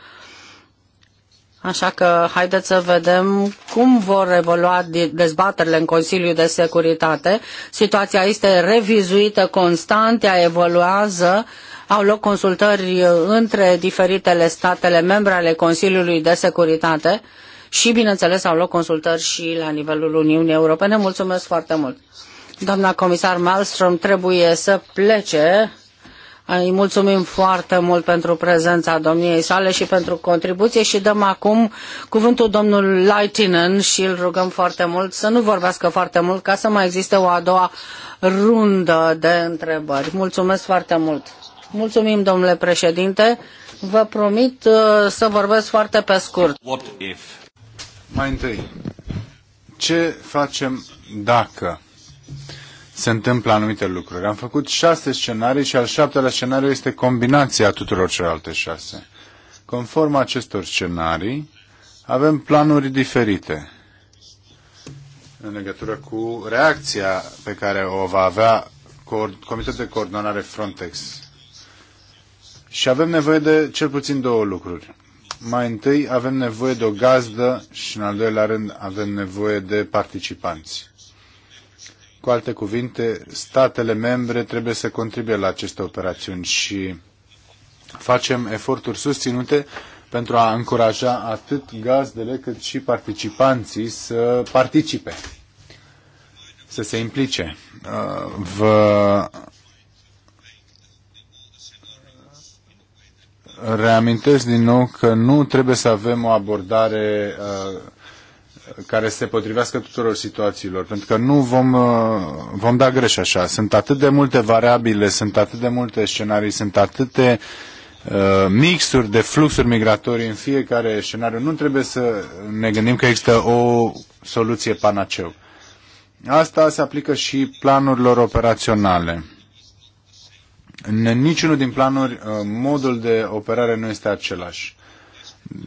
Așa că haideți să vedem cum vor evolua dezbaterile în Consiliul de Securitate. Situația este revizuită constant, ea evoluează, au loc consultări între diferitele statele membre ale Consiliului de Securitate și, bineînțeles, au loc consultări și la nivelul Uniunii Europene. Mulțumesc foarte mult! Doamna comisar Malmström trebuie să plece. Îi mulțumim foarte mult pentru prezența domniei sale și pentru contribuție și dăm acum cuvântul domnul Leitinen și îl rugăm foarte mult să nu vorbească foarte mult ca să mai existe o a doua rundă de întrebări. Mulțumesc foarte mult! Mulțumim, domnule președinte! Vă promit uh, să vorbesc foarte pe scurt. What if? Mai întâi, ce facem dacă se întâmplă anumite lucruri? Am făcut șase scenarii și al șaptelea scenariu este combinația tuturor celelalte șase. Conform acestor scenarii, avem planuri diferite în legătură cu reacția pe care o va avea Comitetul de Coordonare Frontex. Și avem nevoie de cel puțin două lucruri mai întâi avem nevoie de o gazdă și în al doilea rând avem nevoie de participanți. Cu alte cuvinte, statele membre trebuie să contribuie la aceste operațiuni și facem eforturi susținute pentru a încuraja atât gazdele cât și participanții să participe, să se implice. Uh, vă reamintesc din nou că nu trebuie să avem o abordare uh, care se potrivească tuturor situațiilor, pentru că nu vom, uh, vom da greș așa. Sunt atât de multe variabile, sunt atât de multe scenarii, sunt atâte uh, mixuri de fluxuri migratorii în fiecare scenariu. Nu trebuie să ne gândim că există o soluție panaceu. Asta se aplică și planurilor operaționale. În niciunul din planuri, uh, modul de operare nu este același.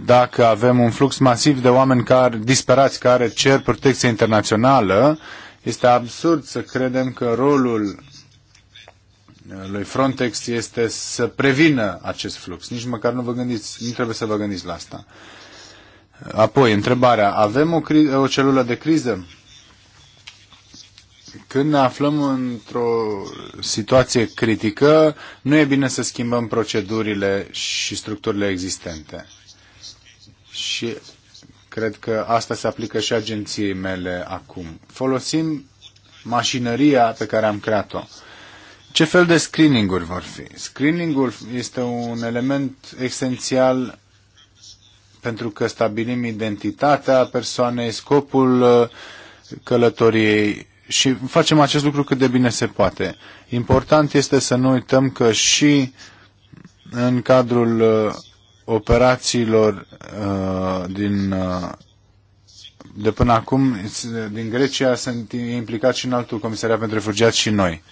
Dacă avem un flux masiv de oameni care, disperați care cer protecție internațională, este absurd să credem că rolul uh, lui Frontex este să prevină acest flux. Nici măcar nu vă gândiți, nu trebuie să vă gândiți la asta. Apoi, întrebarea, avem o, o celulă de criză? Când ne aflăm într-o situație critică, nu e bine să schimbăm procedurile și structurile existente. Și cred că asta se aplică și agenției mele acum. Folosim mașinăria pe care am creat-o. Ce fel de screening-uri vor fi? Screening-ul este un element esențial pentru că stabilim identitatea persoanei, scopul uh, călătoriei și facem acest lucru cât de bine se poate. Important este să nu uităm că și în cadrul uh, operațiilor uh, din uh, de până acum din Grecia sunt implicați și în altul comisariat pentru refugiați și noi.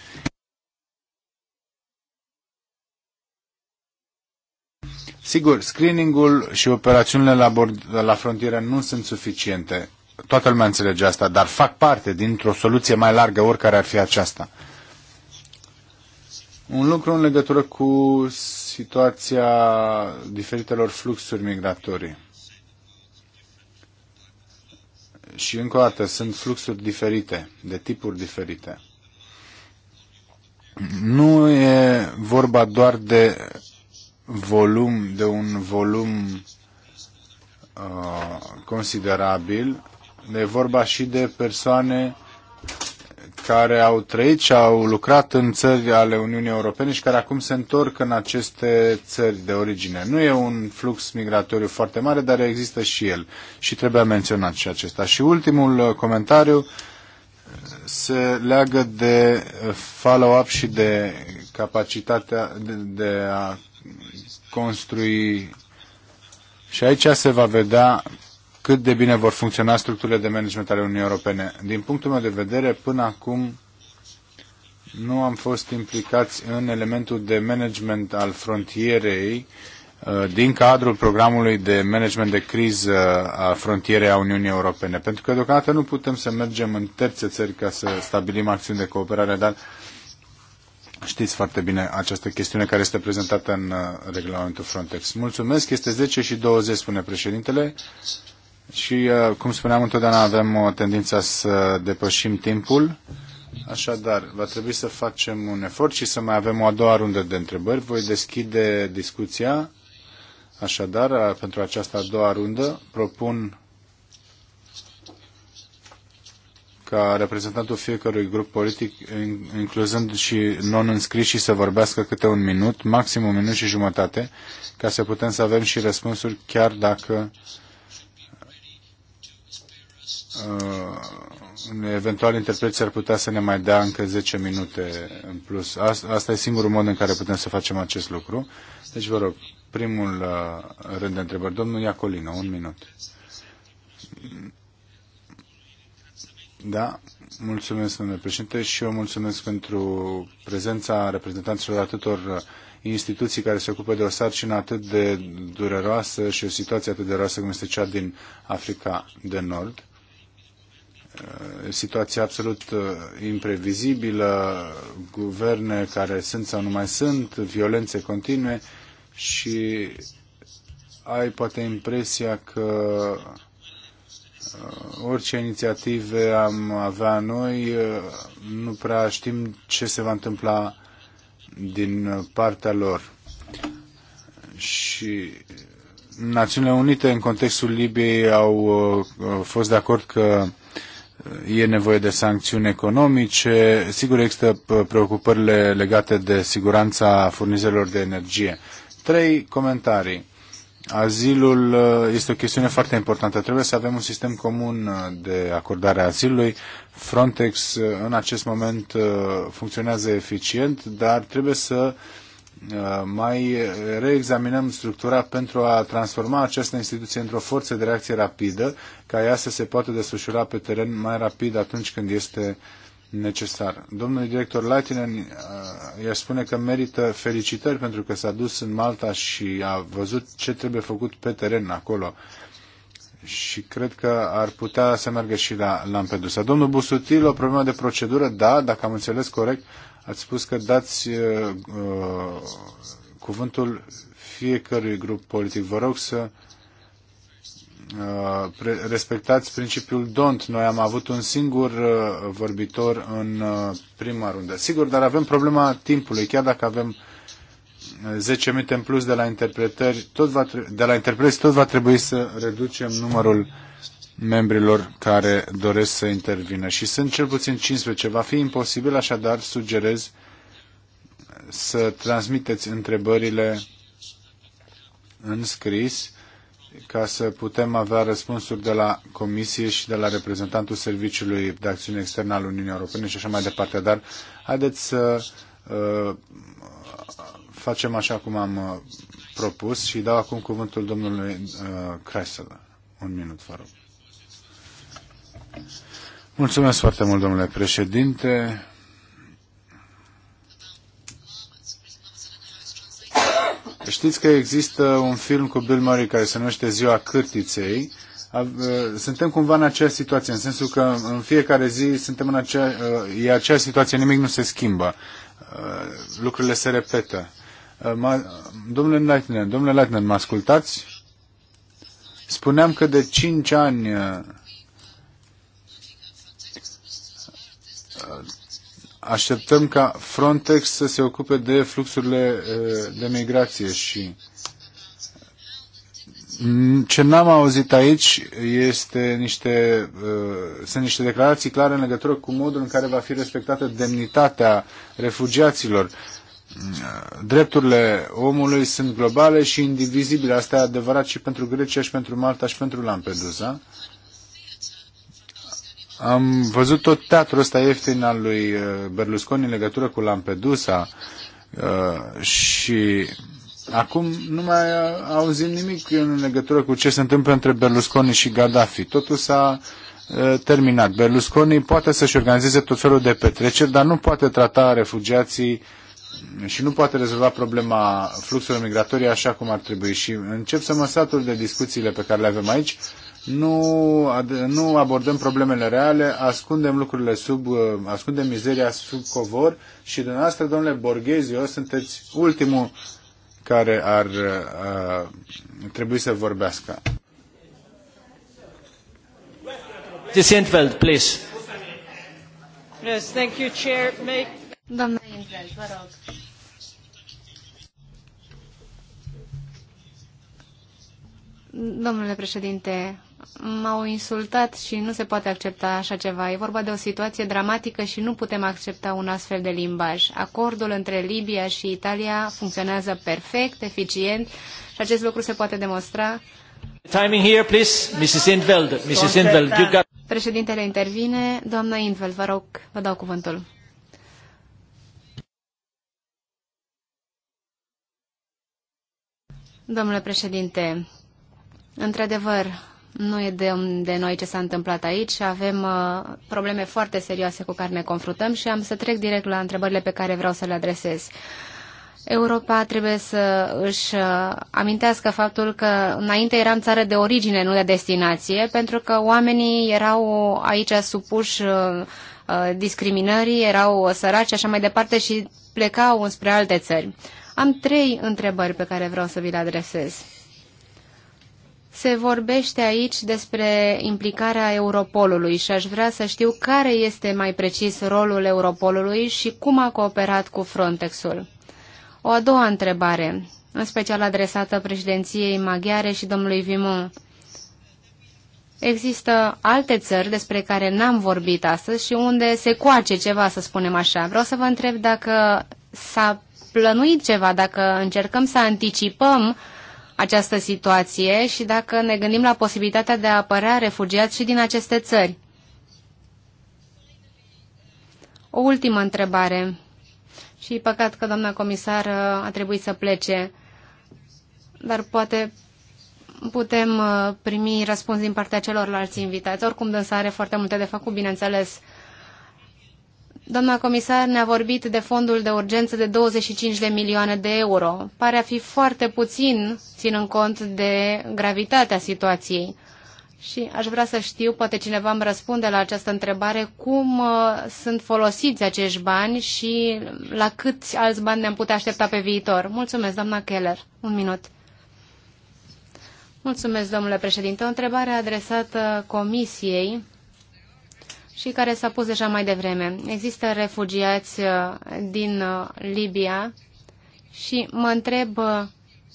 Sigur, screeningul și operațiunile la, bord, la frontieră nu sunt suficiente toată lumea înțelege asta, dar fac parte dintr-o soluție mai largă, oricare ar fi aceasta. Un lucru în legătură cu situația diferitelor fluxuri migratorii. Și încă o dată, sunt fluxuri diferite, de tipuri diferite. Nu e vorba doar de volum, de un volum uh, considerabil, E vorba și de persoane care au trăit și au lucrat în țări ale Uniunii Europene și care acum se întorc în aceste țări de origine. Nu e un flux migratoriu foarte mare, dar există și el și trebuie menționat și acesta. Și ultimul uh, comentariu uh, se leagă de follow-up și de capacitatea de, de a construi. Și aici se va vedea cât de bine vor funcționa structurile de management ale Uniunii Europene. Din punctul meu de vedere, până acum nu am fost implicați în elementul de management al frontierei uh, din cadrul programului de management de criză a frontierei a Uniunii Europene. Pentru că deocamdată nu putem să mergem în terțe țări ca să stabilim acțiuni de cooperare, dar știți foarte bine această chestiune care este prezentată în uh, regulamentul Frontex. Mulțumesc, este 10 și 20, spune președintele. Și, uh, cum spuneam, întotdeauna avem o tendință să depășim timpul. Așadar, va trebui să facem un efort și să mai avem o a doua rundă de întrebări. Voi deschide discuția. Așadar, pentru această a doua rundă, propun ca reprezentantul fiecărui grup politic, incluzând și non-înscriși, să vorbească câte un minut, maxim un minut și jumătate, ca să putem să avem și răspunsuri, chiar dacă Uh, eventual interpreții ar putea să ne mai dea încă 10 minute în plus. Asta e singurul mod în care putem să facem acest lucru. Deci vă rog, primul uh, rând de întrebări. Domnul Iacolino, un minut. Da, mulțumesc, domnule președinte, și eu mulțumesc pentru prezența reprezentanților atâtor uh, instituții care se ocupă de o sarcină atât de dureroasă și o situație atât de dureroasă cum este cea din Africa de Nord situație absolut uh, imprevizibilă, guverne care sunt sau nu mai sunt, violențe continue și ai poate impresia că uh, orice inițiative am avea noi, uh, nu prea știm ce se va întâmpla din partea lor. Și Națiunile Unite, în contextul Libiei, au fost de acord că e nevoie de sancțiuni economice, sigur există preocupările legate de siguranța furnizorilor de energie. Trei comentarii. Azilul uh, este o chestiune foarte importantă. Trebuie să avem un sistem comun uh, de acordare a azilului. Frontex uh, în acest moment funcționează eficient, dar trebuie să Uh, mai reexaminăm structura pentru a transforma această instituție într-o forță de reacție rapidă, ca ea să se poată desfășura pe teren mai rapid atunci când este necesar. Domnul director Latinen i-aș uh, spune că merită felicitări pentru că s-a dus în Malta și a văzut ce trebuie făcut pe teren acolo și cred că ar putea să meargă și la Lampedusa. Domnul Busutil, o problemă de procedură, da, dacă am înțeles corect, Ați spus că dați uh, uh, cuvântul fiecărui grup politic. Vă rog să uh, respectați principiul DONT. Noi am avut un singur uh, vorbitor în uh, prima rundă. Sigur, dar avem problema timpului. Chiar dacă avem 10 uh, minute în plus de la interpretări, tot va de la interpretări tot va trebui să reducem numărul membrilor care doresc să intervină. Și sunt cel puțin 15. Va fi imposibil, așadar sugerez să transmiteți întrebările în scris ca să putem avea răspunsuri de la Comisie și de la reprezentantul Serviciului de Acțiune Externă al Uniunii Europene și așa mai departe. Dar haideți să uh, facem așa cum am uh, propus și dau acum cuvântul domnului uh, Chrysler. Un minut, vă rog. Mulțumesc foarte mult, domnule președinte. Știți că există un film cu Bill Murray care se numește Ziua Cârtiței. Suntem cumva în aceeași situație, în sensul că în fiecare zi suntem în acea, e aceeași situație, nimic nu se schimbă. Uh, lucrurile se repetă. Uh, domnule Leitner, domnule Leitner, mă ascultați? Spuneam că de 5 ani uh, așteptăm ca Frontex să se ocupe de fluxurile de migrație și ce n-am auzit aici este niște, sunt niște declarații clare în legătură cu modul în care va fi respectată demnitatea refugiaților. Drepturile omului sunt globale și indivizibile. Asta e adevărat și pentru Grecia, și pentru Malta, și pentru Lampedusa. Uh, am văzut tot teatrul ăsta ieftin al lui uh, Berlusconi în legătură cu Lampedusa uh, și acum nu mai uh, auzim nimic în legătură cu ce se întâmplă între Berlusconi și Gaddafi. Totul s-a terminat. Berlusconi poate să-și organizeze tot felul de petreceri, dar nu poate trata refugiații și nu poate rezolva problema fluxului migratorii așa cum ar trebui. Și încep să mă satur de discuțiile pe care le avem aici nu, nu abordăm problemele reale, ascundem lucrurile sub, uh, ascundem mizeria sub covor și dumneavoastră, domnule eu sunteți ultimul care ar uh, trebui să vorbească. please. Yes, thank you, Chair. Domnule președinte, m-au insultat și nu se poate accepta așa ceva. E vorba de o situație dramatică și nu putem accepta un astfel de limbaj. Acordul între Libia și Italia funcționează perfect, eficient și acest lucru se poate demonstra. Timing here, please. Mrs. Inveld. Mrs. Inveld, you got... Președintele intervine. Doamna Inveld. vă rog, vă dau cuvântul. Domnule președinte, Într-adevăr, nu e de, de noi ce s-a întâmplat aici. Avem uh, probleme foarte serioase cu care ne confruntăm și am să trec direct la întrebările pe care vreau să le adresez. Europa trebuie să își uh, amintească faptul că înainte eram țară de origine, nu de destinație, pentru că oamenii erau aici supuși uh, uh, discriminării, erau săraci așa mai departe și plecau înspre alte țări. Am trei întrebări pe care vreau să vi le adresez. Se vorbește aici despre implicarea Europolului și aș vrea să știu care este mai precis rolul Europolului și cum a cooperat cu Frontexul. O a doua întrebare, în special adresată președinției maghiare și domnului Vimon. Există alte țări despre care n-am vorbit astăzi și unde se coace ceva, să spunem așa. Vreau să vă întreb dacă s-a plănuit ceva, dacă încercăm să anticipăm uh, această situație și dacă ne gândim la posibilitatea de a apărea refugiați și din aceste țări. O ultimă întrebare. Și păcat că doamna comisar uh, a trebuit să plece, dar poate putem uh, primi răspuns din partea celorlalți invitați. Oricum, dânsa are foarte multe de făcut, bineînțeles. Doamna comisar ne-a vorbit de fondul de urgență de 25 de milioane de euro. Pare a fi foarte puțin, ținând cont de gravitatea situației. Și aș vrea să știu, poate cineva îmi răspunde la această întrebare, cum uh, sunt folosiți acești bani și la câți alți bani ne-am putea aștepta pe viitor. Mulțumesc, doamna Keller. Un minut. Mulțumesc, domnule președinte. O întrebare adresată Comisiei și care s-a pus deja mai devreme. Există refugiați uh, din uh, Libia și mă întreb uh,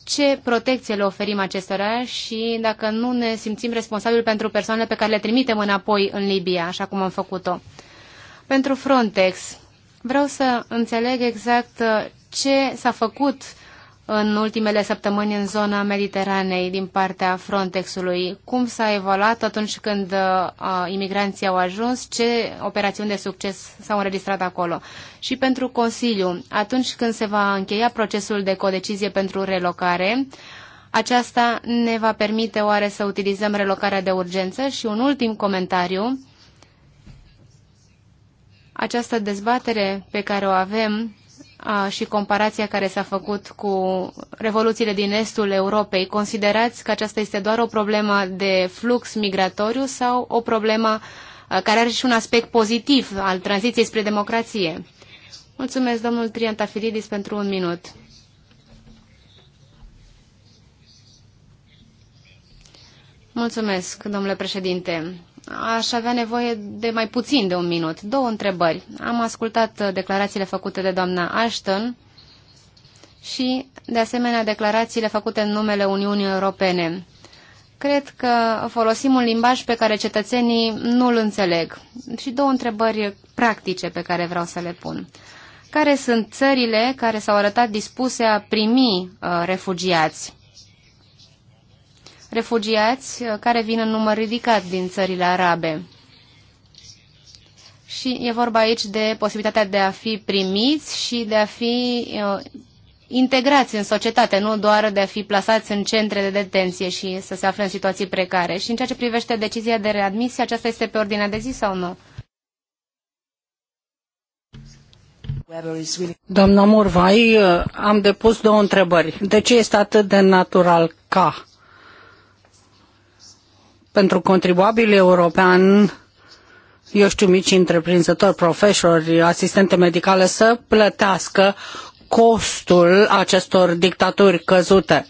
ce protecție le oferim acestora și dacă nu ne simțim responsabili pentru persoanele pe care le trimitem înapoi în Libia, așa cum am făcut-o. Pentru Frontex, vreau să înțeleg exact ce s-a făcut uh, în ultimele săptămâni în zona Mediteranei din partea Frontexului. Cum s-a evaluat atunci când uh, imigranții au ajuns? Ce operațiuni de succes s-au înregistrat acolo? Și pentru Consiliu, atunci când se va încheia procesul de codecizie pentru relocare, aceasta ne va permite oare să utilizăm relocarea de urgență? Și un ultim comentariu. Această dezbatere pe care o avem și comparația care s-a făcut cu revoluțiile din estul Europei, considerați că aceasta este doar o problemă de flux migratoriu sau o problemă care are și un aspect pozitiv al tranziției spre democrație? Mulțumesc, domnul Triantafilidis, pentru un minut. Mulțumesc, domnule președinte aș avea nevoie de mai puțin de un minut. Două întrebări. Am ascultat uh, declarațiile făcute de doamna Ashton și, de asemenea, declarațiile făcute în numele Uniunii Europene. Cred că folosim un limbaj pe care cetățenii nu-l înțeleg. Și două întrebări practice pe care vreau să le pun. Care sunt țările care s-au arătat dispuse a primi uh, refugiați? refugiați uh, care vin în număr ridicat din țările arabe. Și e vorba aici de posibilitatea de a fi primiți și de a fi uh, integrați în societate, nu doar de a fi plasați în centre de detenție și să se afle în situații precare. Și în ceea ce privește decizia de readmisie, aceasta este pe ordinea de zi sau nu? Doamna Morvai, uh, am depus două întrebări. De ce este atât de natural ca pentru contribuabil european, eu știu, mici întreprinzători, profesori, asistente medicale, să plătească costul acestor dictaturi căzute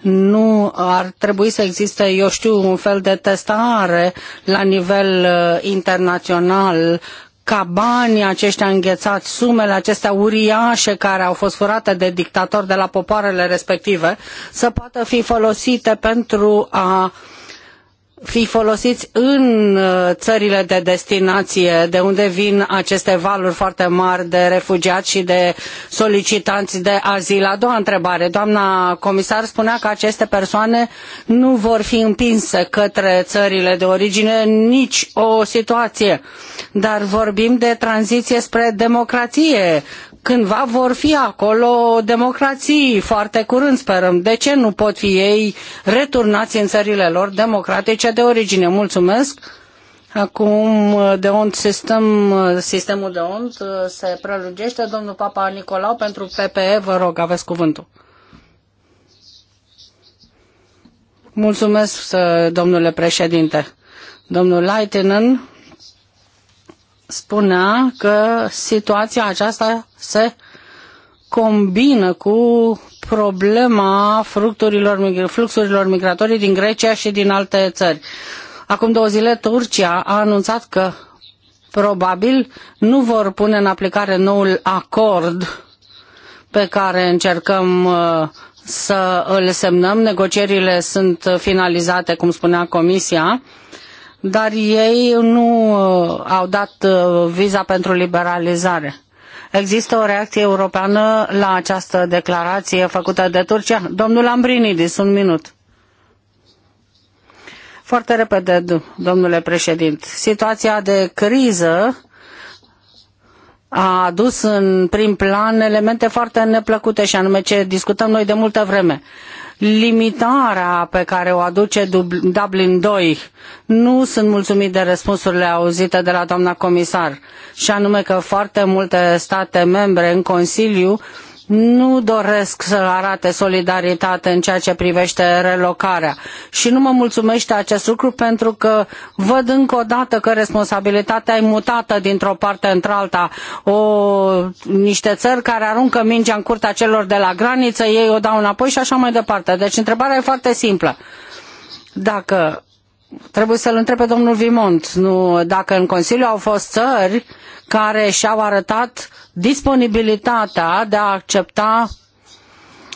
nu ar trebui să existe, eu știu, un fel de testare la nivel uh, internațional ca banii aceștia înghețați, sumele acestea uriașe care au fost furate de dictatori de la popoarele respective, să poată fi folosite pentru a uh, fi folosiți în uh, țările de destinație, de unde vin aceste valuri foarte mari de refugiați și de solicitanți de azil. A doua întrebare, doamna comisar spunea că aceste persoane nu vor fi împinse către țările de origine nici o situație, dar vorbim de tranziție spre democrație, cândva vor fi acolo democrații, foarte curând sperăm. De ce nu pot fi ei returnați în țările lor democratice de origine? Mulțumesc! Acum de ont sistem, sistemul de ont uh, se prelungește. Domnul Papa Nicolau pentru PPE, vă rog, aveți cuvântul. Mulțumesc, uh, domnule președinte. Domnul Leitinen, spunea că situația aceasta se combină cu problema fructurilor, fluxurilor migratorii din Grecia și din alte țări. Acum două zile Turcia a anunțat că probabil nu vor pune în aplicare noul acord pe care încercăm uh, să îl semnăm. Negocierile sunt finalizate, cum spunea Comisia, dar ei nu uh, au dat uh, viza pentru liberalizare. Există o reacție europeană la această declarație făcută de Turcia? Domnul Lambrinidis, un minut. Foarte repede, domnule președinte. Situația de criză a adus în prim plan elemente foarte neplăcute și anume ce discutăm noi de multă vreme limitarea pe care o aduce Dublin 2. Nu sunt mulțumit de răspunsurile auzite de la doamna comisar, și anume că foarte multe state membre în Consiliu nu doresc să arate solidaritate în ceea ce privește relocarea. Și nu mă mulțumește acest lucru pentru că văd încă o dată că responsabilitatea e mutată dintr-o parte într-alta. O, niște țări care aruncă mingea în curtea celor de la graniță, ei o dau înapoi și așa mai departe. Deci întrebarea e foarte simplă. Dacă Trebuie să-l întrebe domnul Vimont nu, dacă în Consiliu au fost țări care și-au arătat disponibilitatea de a accepta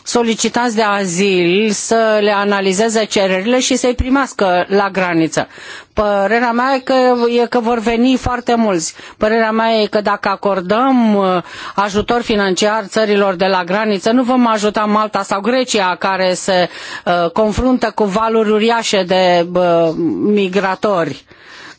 solicitați de azil să le analizeze cererile și să-i primească la graniță. Părerea mea e că, e că vor veni foarte mulți. Părerea mea e că dacă acordăm uh, ajutor financiar țărilor de la graniță, nu vom ajuta Malta sau Grecia, care se uh, confruntă cu valuri uriașe de uh, migratori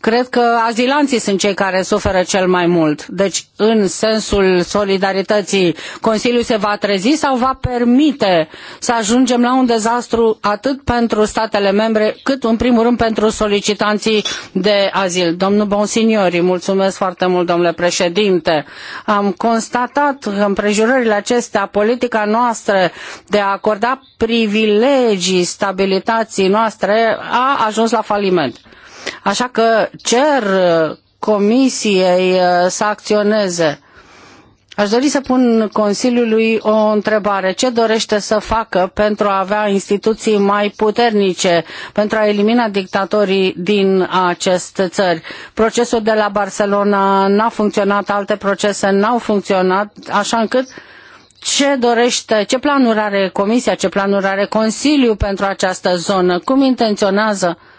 Cred că azilanții sunt cei care suferă cel mai mult. Deci, în sensul solidarității, Consiliul se va trezi sau va permite să ajungem la un dezastru atât pentru statele membre, cât, în primul rând, pentru solicitanții de azil. Domnul Bonsignori, mulțumesc foarte mult, domnule președinte. Am constatat că împrejurările acestea, politica noastră de a acorda privilegii stabilității noastre a ajuns la faliment. Așa că cer uh, Comisiei uh, să acționeze. Aș dori să pun Consiliului o întrebare. Ce dorește să facă pentru a avea instituții mai puternice, pentru a elimina dictatorii din aceste țări? Procesul de la Barcelona n-a funcționat, alte procese n-au funcționat, așa încât ce dorește, ce planuri are Comisia, ce planuri are Consiliul pentru această zonă, cum intenționează uh,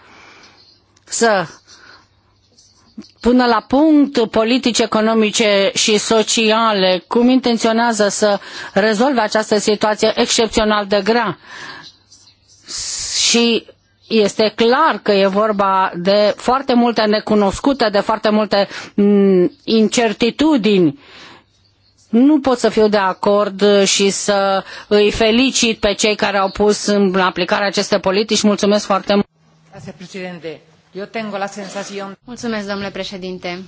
să pună la punct politici economice și sociale? Cum intenționează să rezolve această situație excepțional de grea? Și este clar că e vorba de foarte multe necunoscute, de foarte multe mm, incertitudini. Nu pot să fiu de acord și să îi felicit pe cei care au pus în aplicare aceste politici. Mulțumesc foarte mult. Gracias, eu tengo la sensación... Mulțumesc, domnule președinte.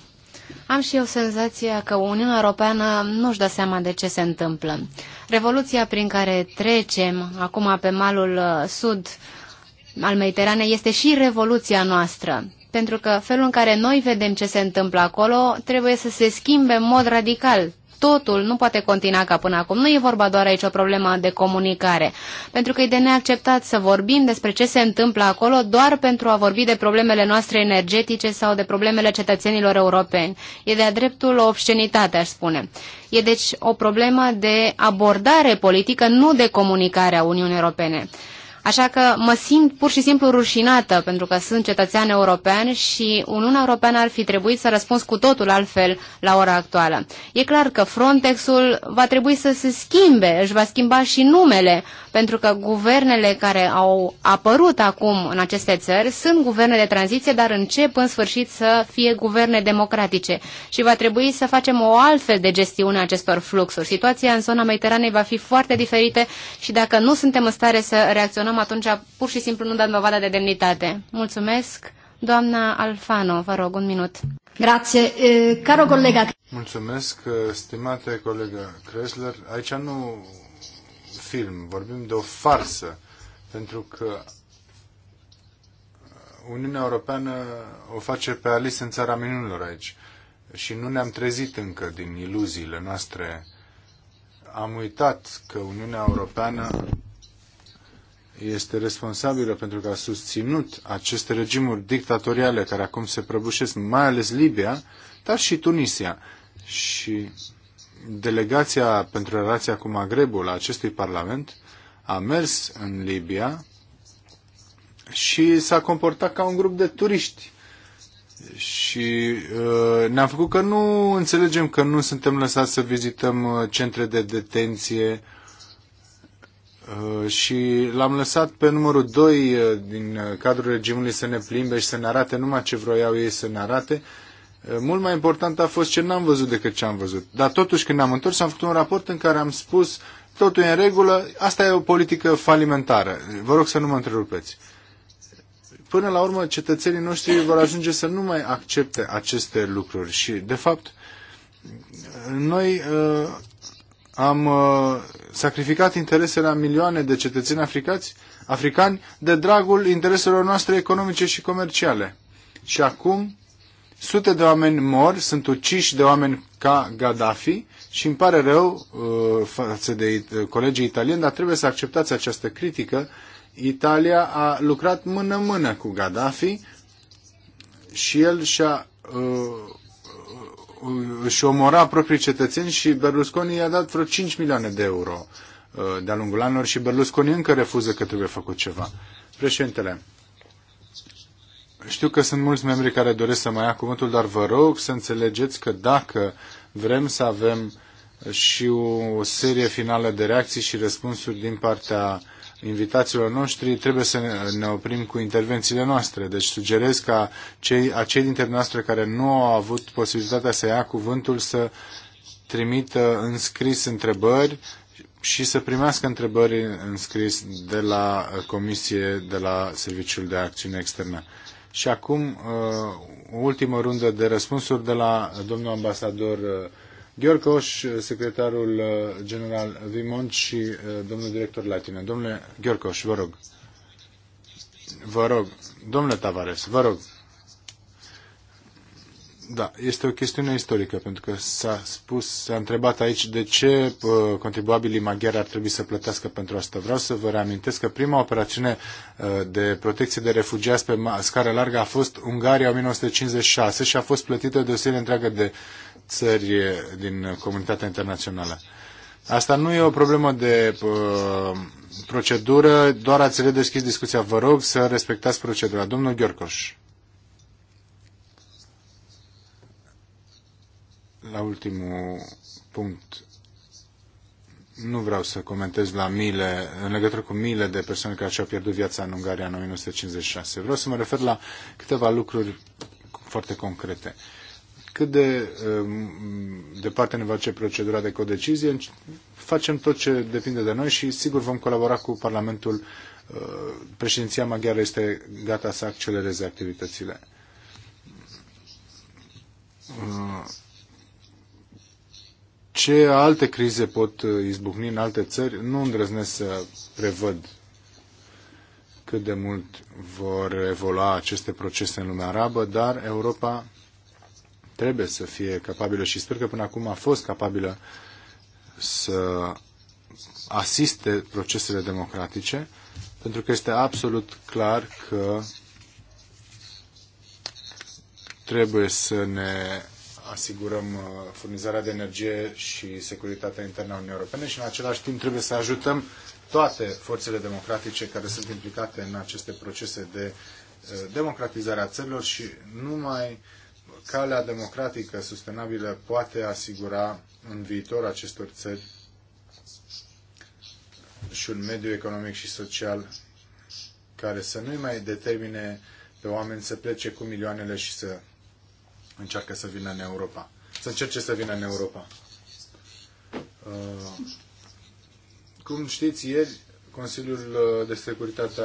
Am și eu senzația că Uniunea Europeană nu-și dă seama de ce se întâmplă. Revoluția prin care trecem acum pe malul uh, sud al Mediteranei este și revoluția noastră. Pentru că felul în care noi vedem ce se întâmplă acolo trebuie să se schimbe în mod radical. Totul nu poate continua ca până acum. Nu e vorba doar aici o problemă de comunicare, pentru că e de neacceptat să vorbim despre ce se întâmplă acolo doar pentru a vorbi de problemele noastre energetice sau de problemele cetățenilor europeni. E de-a dreptul o obscenitate, aș spune. E deci o problemă de abordare politică, nu de comunicare a Uniunii Europene. Așa că mă simt pur și simplu rușinată pentru că sunt cetățean european și Uniunea Europeană ar fi trebuit să răspuns cu totul altfel la ora actuală. E clar că Frontexul va trebui să se schimbe, își va schimba și numele pentru că guvernele care au apărut acum în aceste țări sunt guverne de tranziție, dar încep în sfârșit să fie guverne democratice și va trebui să facem o altfel de gestiune a acestor fluxuri. Situația în zona Mediteranei va fi foarte diferită și dacă nu suntem în stare să reacționăm, atunci pur și simplu nu dăm dovadă de demnitate. Mulțumesc! Doamna Alfano, vă rog, un minut. Grație. Eh, caro colega... Mulțumesc, stimate colega Kresler. Aici nu film, vorbim de o farsă, pentru că Uniunea Europeană o face pe Alice în țara minunilor aici și nu ne-am trezit încă din iluziile noastre. Am uitat că Uniunea Europeană este responsabilă pentru că a susținut aceste regimuri dictatoriale care acum se prăbușesc, mai ales Libia, dar și Tunisia. Și delegația pentru relația cu Magrebul a acestui Parlament a mers în Libia și s-a comportat ca un grup de turiști. Și uh, ne-am făcut că nu înțelegem că nu suntem lăsați să vizităm uh, centre de detenție uh, și l-am lăsat pe numărul 2 uh, din uh, cadrul regimului să ne plimbe și să ne arate numai ce vroiau ei să ne arate uh, mult mai important a fost ce n-am văzut decât ce am văzut. Dar totuși când ne-am întors am făcut un raport în care am spus totul e în regulă, asta e o politică falimentară. Vă rog să nu mă întrerupeți. Până la urmă, cetățenii noștri vor ajunge să nu mai accepte aceste lucruri și, de fapt, noi uh, am uh, sacrificat interesele a milioane de cetățeni africați, africani de dragul intereselor noastre economice și comerciale. Și acum Sute de oameni mor, sunt uciși de oameni ca Gaddafi și îmi pare rău uh, față de uh, colegii italieni, dar trebuie să acceptați această critică. Italia a lucrat mână-mână cu Gaddafi și el și-a uh, și omora proprii cetățeni și Berlusconi i-a dat vreo 5 milioane de euro de-a lungul anilor și Berlusconi încă refuză că trebuie făcut ceva. Președintele, știu că sunt mulți membri care doresc să mai ia cuvântul, dar vă rog să înțelegeți că dacă vrem să avem și o serie finală de reacții și răspunsuri din partea invitațiilor noștri, trebuie să ne oprim cu intervențiile noastre. Deci sugerez ca cei, acei dintre noastre care nu au avut posibilitatea să ia cuvântul să trimită în scris întrebări și să primească întrebări în scris de la Comisie, de la Serviciul de Acțiune Externă. Și acum o uh, ultimă rundă de răspunsuri de la domnul ambasador uh, Gheorcoș, uh, secretarul general Vimont și domnul director Latină. Domnule Gheorcoș, vă rog. Vă rog. Domnule Tavares, vă rog. Da, este o chestiune istorică, pentru că s-a spus, s-a întrebat aici de ce uh, contribuabilii maghiari ar trebui să plătească pentru asta. Vreau să vă reamintesc că prima operațiune uh, de protecție de refugiați pe scară largă a fost Ungaria în 1956 și a fost plătită de o serie întreagă de țări uh, din comunitatea internațională. Asta nu e o problemă de uh, procedură, doar ați redeschis discuția. Vă rog să respectați procedura. Domnul Gheorcoș. la ultimul punct, nu vreau să comentez la mile, în legătură cu mile de persoane care și-au pierdut viața în Ungaria în 1956. Vreau să mă refer la câteva lucruri foarte concrete. Cât de um, departe ne va ce procedura de codecizie, facem tot ce depinde de noi și sigur vom colabora cu Parlamentul. Uh, președinția maghiară este gata să accelereze activitățile. Uh ce alte crize pot uh, izbucni în alte țări, nu îndrăznesc să prevăd cât de mult vor evolua aceste procese în lumea arabă, dar Europa trebuie să fie capabilă și sper că până acum a fost capabilă să asiste procesele democratice, pentru că este absolut clar că trebuie să ne asigurăm uh, furnizarea de energie și securitatea internă a Uniunii Europene și în același timp trebuie să ajutăm toate forțele democratice care sunt implicate în aceste procese de uh, democratizare a țărilor și numai calea democratică sustenabilă poate asigura în viitor acestor țări și un mediu economic și social care să nu-i mai determine pe oameni să plece cu milioanele și să încearcă să vină în Europa. Să încerce să vină în Europa. Uh, cum știți, ieri Consiliul uh, de Securitate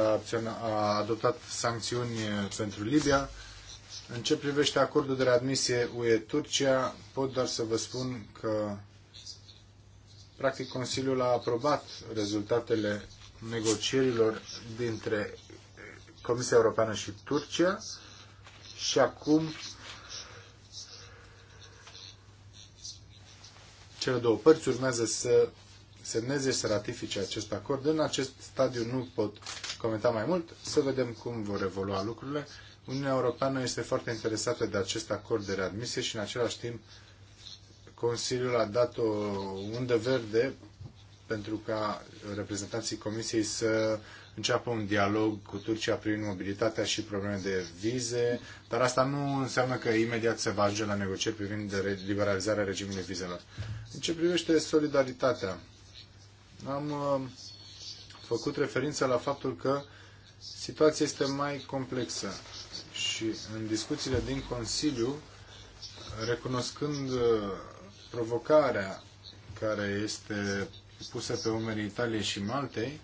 a adoptat sancțiuni uh, pentru Libia. În ce privește acordul de readmisie UE-Turcia, pot doar să vă spun că practic Consiliul a aprobat rezultatele negocierilor dintre Comisia Europeană și Turcia și acum Cele două părți urmează să semneze și să ratifice acest acord. În acest stadiu nu pot comenta mai mult, să vedem cum vor evolua lucrurile. Uniunea Europeană este foarte interesată de acest acord de readmisie și în același timp Consiliul a dat o undă verde pentru ca reprezentanții Comisiei să înceapă un dialog cu Turcia prin mobilitatea și probleme de vize, dar asta nu înseamnă că imediat se va ajunge la negocieri privind liberalizarea regimului vizelor. În ce privește solidaritatea, am uh, făcut referință la faptul că situația este mai complexă și în discuțiile din Consiliu, recunoscând uh, provocarea care este pusă pe umerii Italiei și Maltei,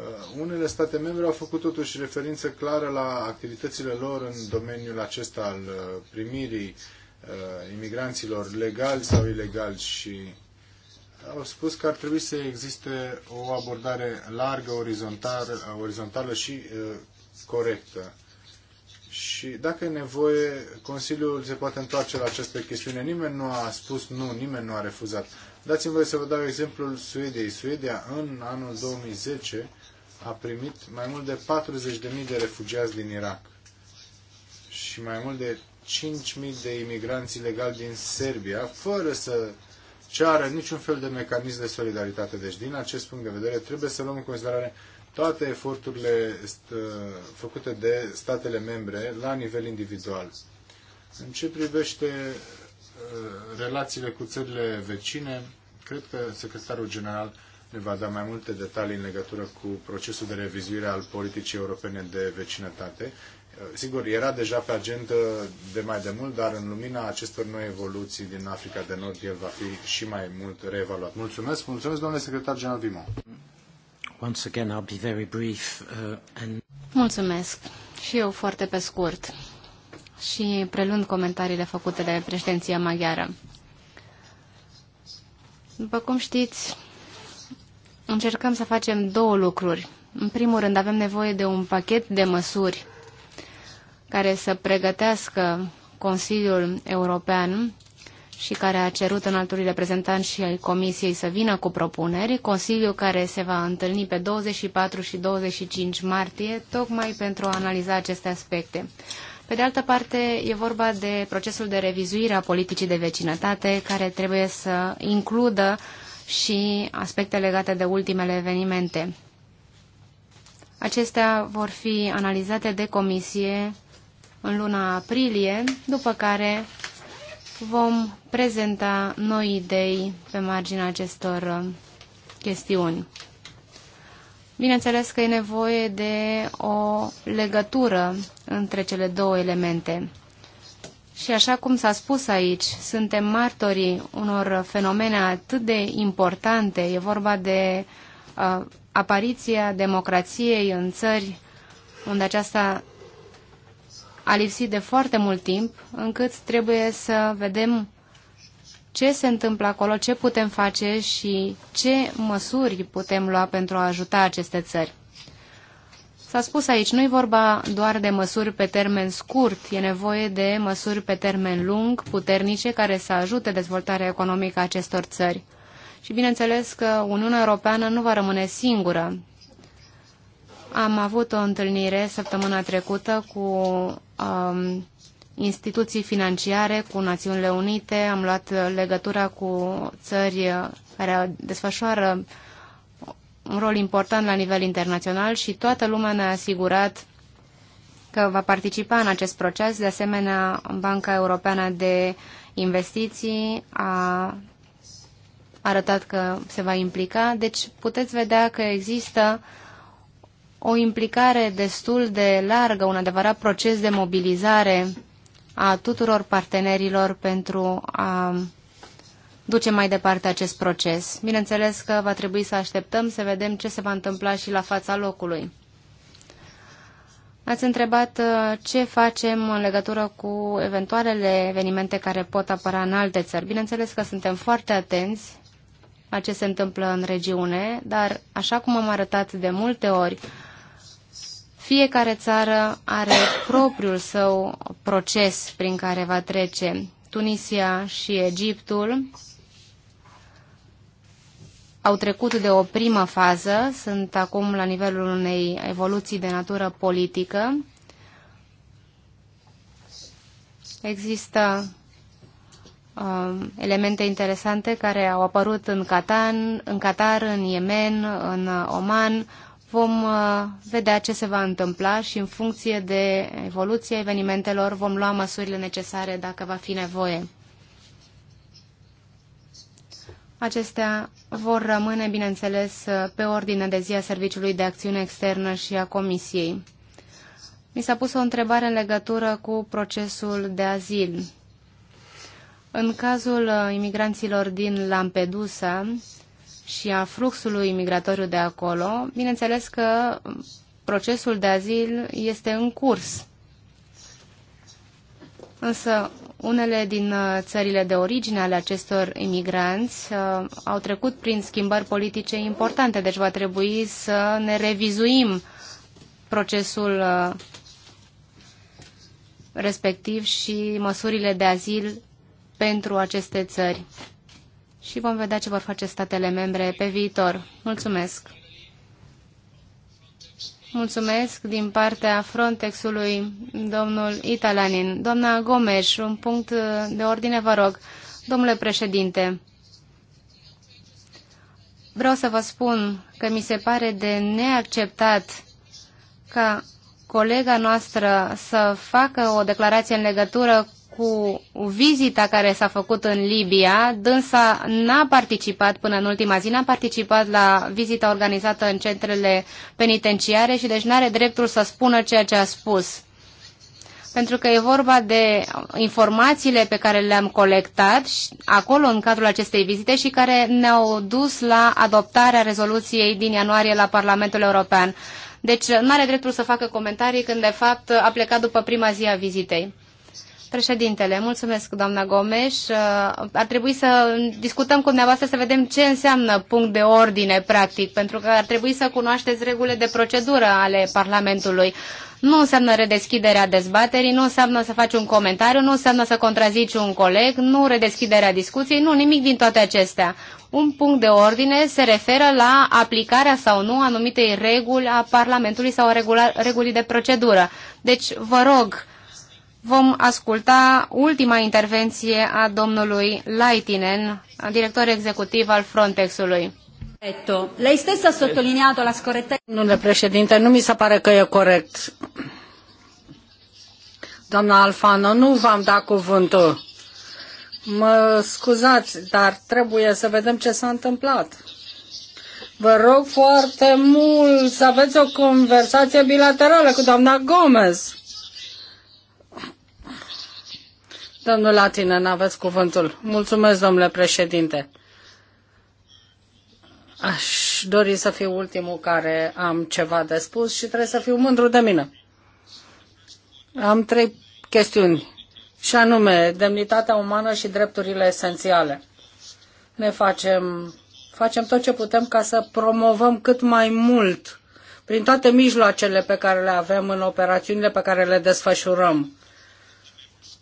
Uh, unele state membre au făcut totuși referință clară la activitățile lor în domeniul acesta al uh, primirii uh, imigranților legali sau ilegali și au spus că ar trebui să existe o abordare largă, orizontală, orizontală și corectă. Și dacă e nevoie, Consiliul se poate întoarce la această chestiune. Nimeni nu a spus nu, nimeni nu a refuzat. Dați-mi voi să vă dau exemplul Suediei. Suedia în anul 2010 a primit mai mult de 40.000 de refugiați din Irak și mai mult de 5.000 de imigranți ilegali din Serbia, fără să ceară niciun fel de mecanism de solidaritate. Deci, din acest punct de vedere, trebuie să luăm în considerare toate eforturile ă, făcute de statele membre la nivel individual. În ce privește ă, relațiile cu țările vecine, cred că secretarul general ne va da mai multe detalii în legătură cu procesul de revizuire al politicii europene de vecinătate. Uh, sigur, era deja pe agenda de mai de mult, dar în lumina acestor noi evoluții din Africa de Nord, el va fi și mai mult reevaluat. Mulțumesc, mulțumesc, domnule secretar general Vimo. Once again, I'll be very brief, uh, and... Mulțumesc. Și eu foarte pe scurt. Și prelund comentariile făcute de președinția maghiară. După cum știți, încercăm să facem două lucruri. În primul rând, avem nevoie de un pachet de măsuri care să pregătească Consiliul European și care a cerut în altul reprezentant și ai Comisiei să vină cu propuneri, Consiliul care se va întâlni pe 24 și 25 martie, tocmai pentru a analiza aceste aspecte. Pe de altă parte, e vorba de procesul de revizuire a politicii de vecinătate, care trebuie să includă uh, și aspecte legate de ultimele evenimente. Acestea vor fi analizate de comisie în luna aprilie, după care vom prezenta noi idei pe marginea acestor uh, chestiuni. Bineînțeles că e nevoie de o legătură între cele două elemente. Și așa cum s-a spus aici, suntem martorii unor fenomene atât de importante. E vorba de uh, apariția democrației în țări unde aceasta a lipsit de foarte mult timp, încât trebuie să vedem ce se întâmplă acolo, ce putem face și ce măsuri putem lua pentru a ajuta aceste țări. S-a spus aici, nu e vorba doar de măsuri pe termen scurt, e nevoie de măsuri pe termen lung, puternice, care să ajute dezvoltarea economică a acestor țări. Și bineînțeles că Uniunea Europeană nu va rămâne singură. Am avut o întâlnire săptămâna trecută cu um, instituții financiare, cu Națiunile Unite, am luat legătura cu țări care desfășoară uh, un rol important la nivel internațional și toată lumea ne-a asigurat că va participa în acest proces. De asemenea, Banca Europeană de Investiții a arătat că se va implica. Deci puteți vedea că există o implicare destul de largă, un adevărat proces de mobilizare a tuturor partenerilor pentru a Duce mai departe acest proces. Bineînțeles că va trebui să așteptăm să vedem ce se va întâmpla și la fața locului. Ați întrebat uh, ce facem în legătură cu eventualele evenimente care pot apăra în alte țări. Bineînțeles că suntem foarte atenți la ce se întâmplă în regiune, dar, așa cum am arătat de multe ori, fiecare țară are propriul său proces prin care va trece. Tunisia și Egiptul au trecut de o primă fază, sunt acum la nivelul unei evoluții de natură politică. Există uh, elemente interesante care au apărut în, Catan, în Qatar, în Yemen, în Oman. Vom uh, vedea ce se va întâmpla și în funcție de evoluția evenimentelor vom lua măsurile necesare dacă va fi nevoie. Acestea vor rămâne, bineînțeles, pe ordine de zi a Serviciului de Acțiune Externă și a Comisiei. Mi s-a pus o întrebare în legătură cu procesul de azil. În cazul uh, imigranților din Lampedusa și a fluxului imigratoriu de acolo, bineînțeles că um, procesul de azil este în curs. Însă unele din uh, țările de origine ale acestor imigranți uh, au trecut prin schimbări politice importante, deci va trebui să ne revizuim procesul uh, respectiv și măsurile de azil pentru aceste țări. Și vom vedea ce vor face statele membre pe viitor. Mulțumesc! Mulțumesc din partea Frontexului, domnul Italanin. Doamna Gomes, un punct de ordine, vă rog. Domnule președinte, vreau să vă spun că mi se pare de neacceptat ca colega noastră să facă o declarație în legătură cu vizita care s-a făcut în Libia. Dânsa n-a participat până în ultima zi, n-a participat la vizita organizată în centrele penitenciare și deci n-are dreptul să spună ceea ce a spus. Pentru că e vorba de informațiile pe care le-am colectat acolo în cadrul acestei vizite și care ne-au dus la adoptarea rezoluției din ianuarie la Parlamentul European. Deci nu are dreptul să facă comentarii când de fapt a plecat după prima zi a vizitei. Președintele, mulțumesc, doamna Gomes. Uh, ar trebui să discutăm cu dumneavoastră să vedem ce înseamnă punct de ordine, practic, pentru că ar trebui să cunoașteți regulile de procedură ale Parlamentului. Nu înseamnă redeschiderea dezbaterii, nu înseamnă să faci un comentariu, nu înseamnă să contrazici un coleg, nu redeschiderea discuției, nu nimic din toate acestea. Un punct de ordine se referă la aplicarea sau nu anumitei reguli a Parlamentului sau a regulii de procedură. Deci, vă rog, vom asculta ultima intervenție a domnului Laitinen, director executiv al Frontexului. Lei stessa ha sottolineato la scorrettezza. Domnule președinte, nu mi se pare că e corect. Doamna Alfano, nu v-am dat cuvântul. Mă scuzați, dar trebuie să vedem ce s-a întâmplat. Vă rog foarte mult să aveți o conversație bilaterală cu doamna Gomez. Domnul Latinen, aveți cuvântul. Mulțumesc, domnule președinte. Aș dori să fiu ultimul care am ceva de spus și trebuie să fiu mândru de mine. Am trei chestiuni, și anume demnitatea umană și drepturile esențiale. Ne facem, facem tot ce putem ca să promovăm cât mai mult prin toate mijloacele pe care le avem în operațiunile pe care le desfășurăm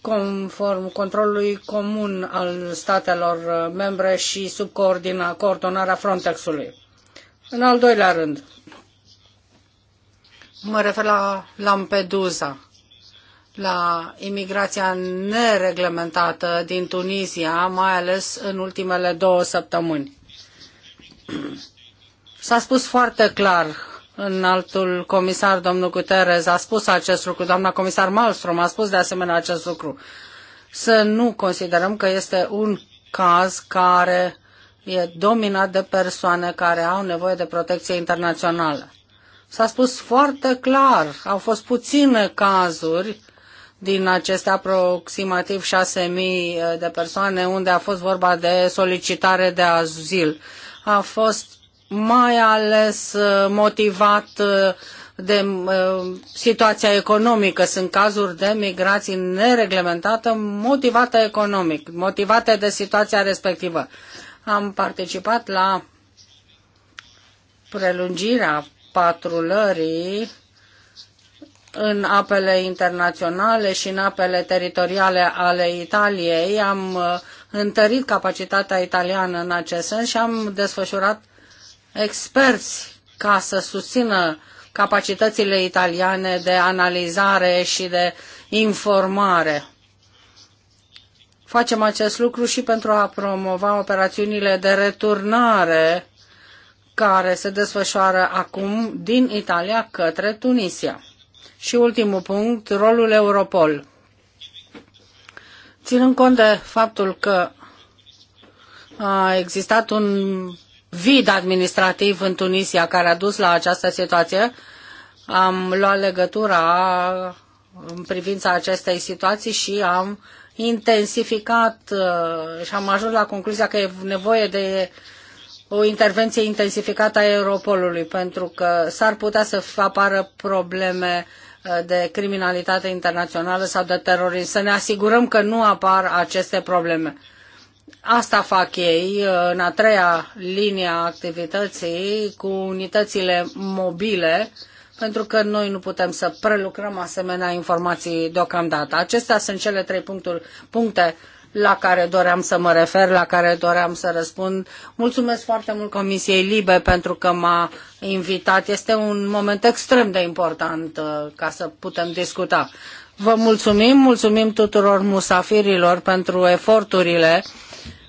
conform controlului comun al statelor membre și sub coordina, coordonarea Frontexului. În al doilea rând, mă refer la Lampedusa, la imigrația nereglementată din Tunisia, mai ales în ultimele două săptămâni. S-a spus foarte clar înaltul comisar, domnul Guterres, a spus acest lucru, doamna comisar Malmström a spus de asemenea acest lucru. Să nu considerăm că este un caz care e dominat de persoane care au nevoie de protecție internațională. S-a spus foarte clar, au fost puține cazuri din aceste aproximativ 6.000 eh, de persoane unde a fost vorba de solicitare de azil. A fost mai ales uh, motivat uh, de uh, situația economică. Sunt cazuri de migrații nereglementată motivată economic, motivate de situația respectivă. Am participat la prelungirea patrulării în apele internaționale și în apele teritoriale ale Italiei. Am întărit capacitatea italiană în acest sens și am desfășurat experți ca să susțină capacitățile italiane de analizare și de informare. Facem acest lucru și pentru a promova operațiunile de returnare care se desfășoară acum din Italia către Tunisia. Și ultimul punct, rolul Europol. Ținând cont de faptul că a existat un vid administrativ în Tunisia care a dus la această situație. Am luat legătura în privința acestei situații și am intensificat uh, și am ajuns la concluzia că e nevoie de o intervenție intensificată a Europolului, pentru că s-ar putea să apară probleme uh, de criminalitate internațională sau de terorism. Să ne asigurăm că nu apar aceste probleme. Asta fac ei în a treia linie a activității cu unitățile mobile, pentru că noi nu putem să prelucrăm asemenea informații deocamdată. Acestea sunt cele trei puncturi, puncte la care doream să mă refer, la care doream să răspund. Mulțumesc foarte mult Comisiei Libe pentru că m-a invitat. Este un moment extrem de important uh, ca să putem discuta. Vă mulțumim, mulțumim tuturor musafirilor pentru eforturile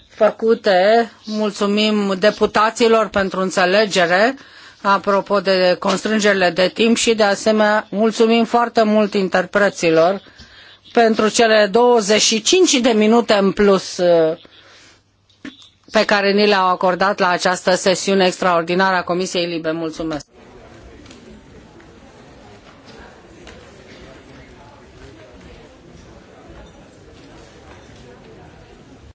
făcute, mulțumim deputaților pentru înțelegere apropo de constrângerile de timp și de asemenea mulțumim foarte mult interpreților pentru cele 25 de minute în plus uh, pe care ni le-au acordat la această sesiune extraordinară a Comisiei Libe. Mulțumesc!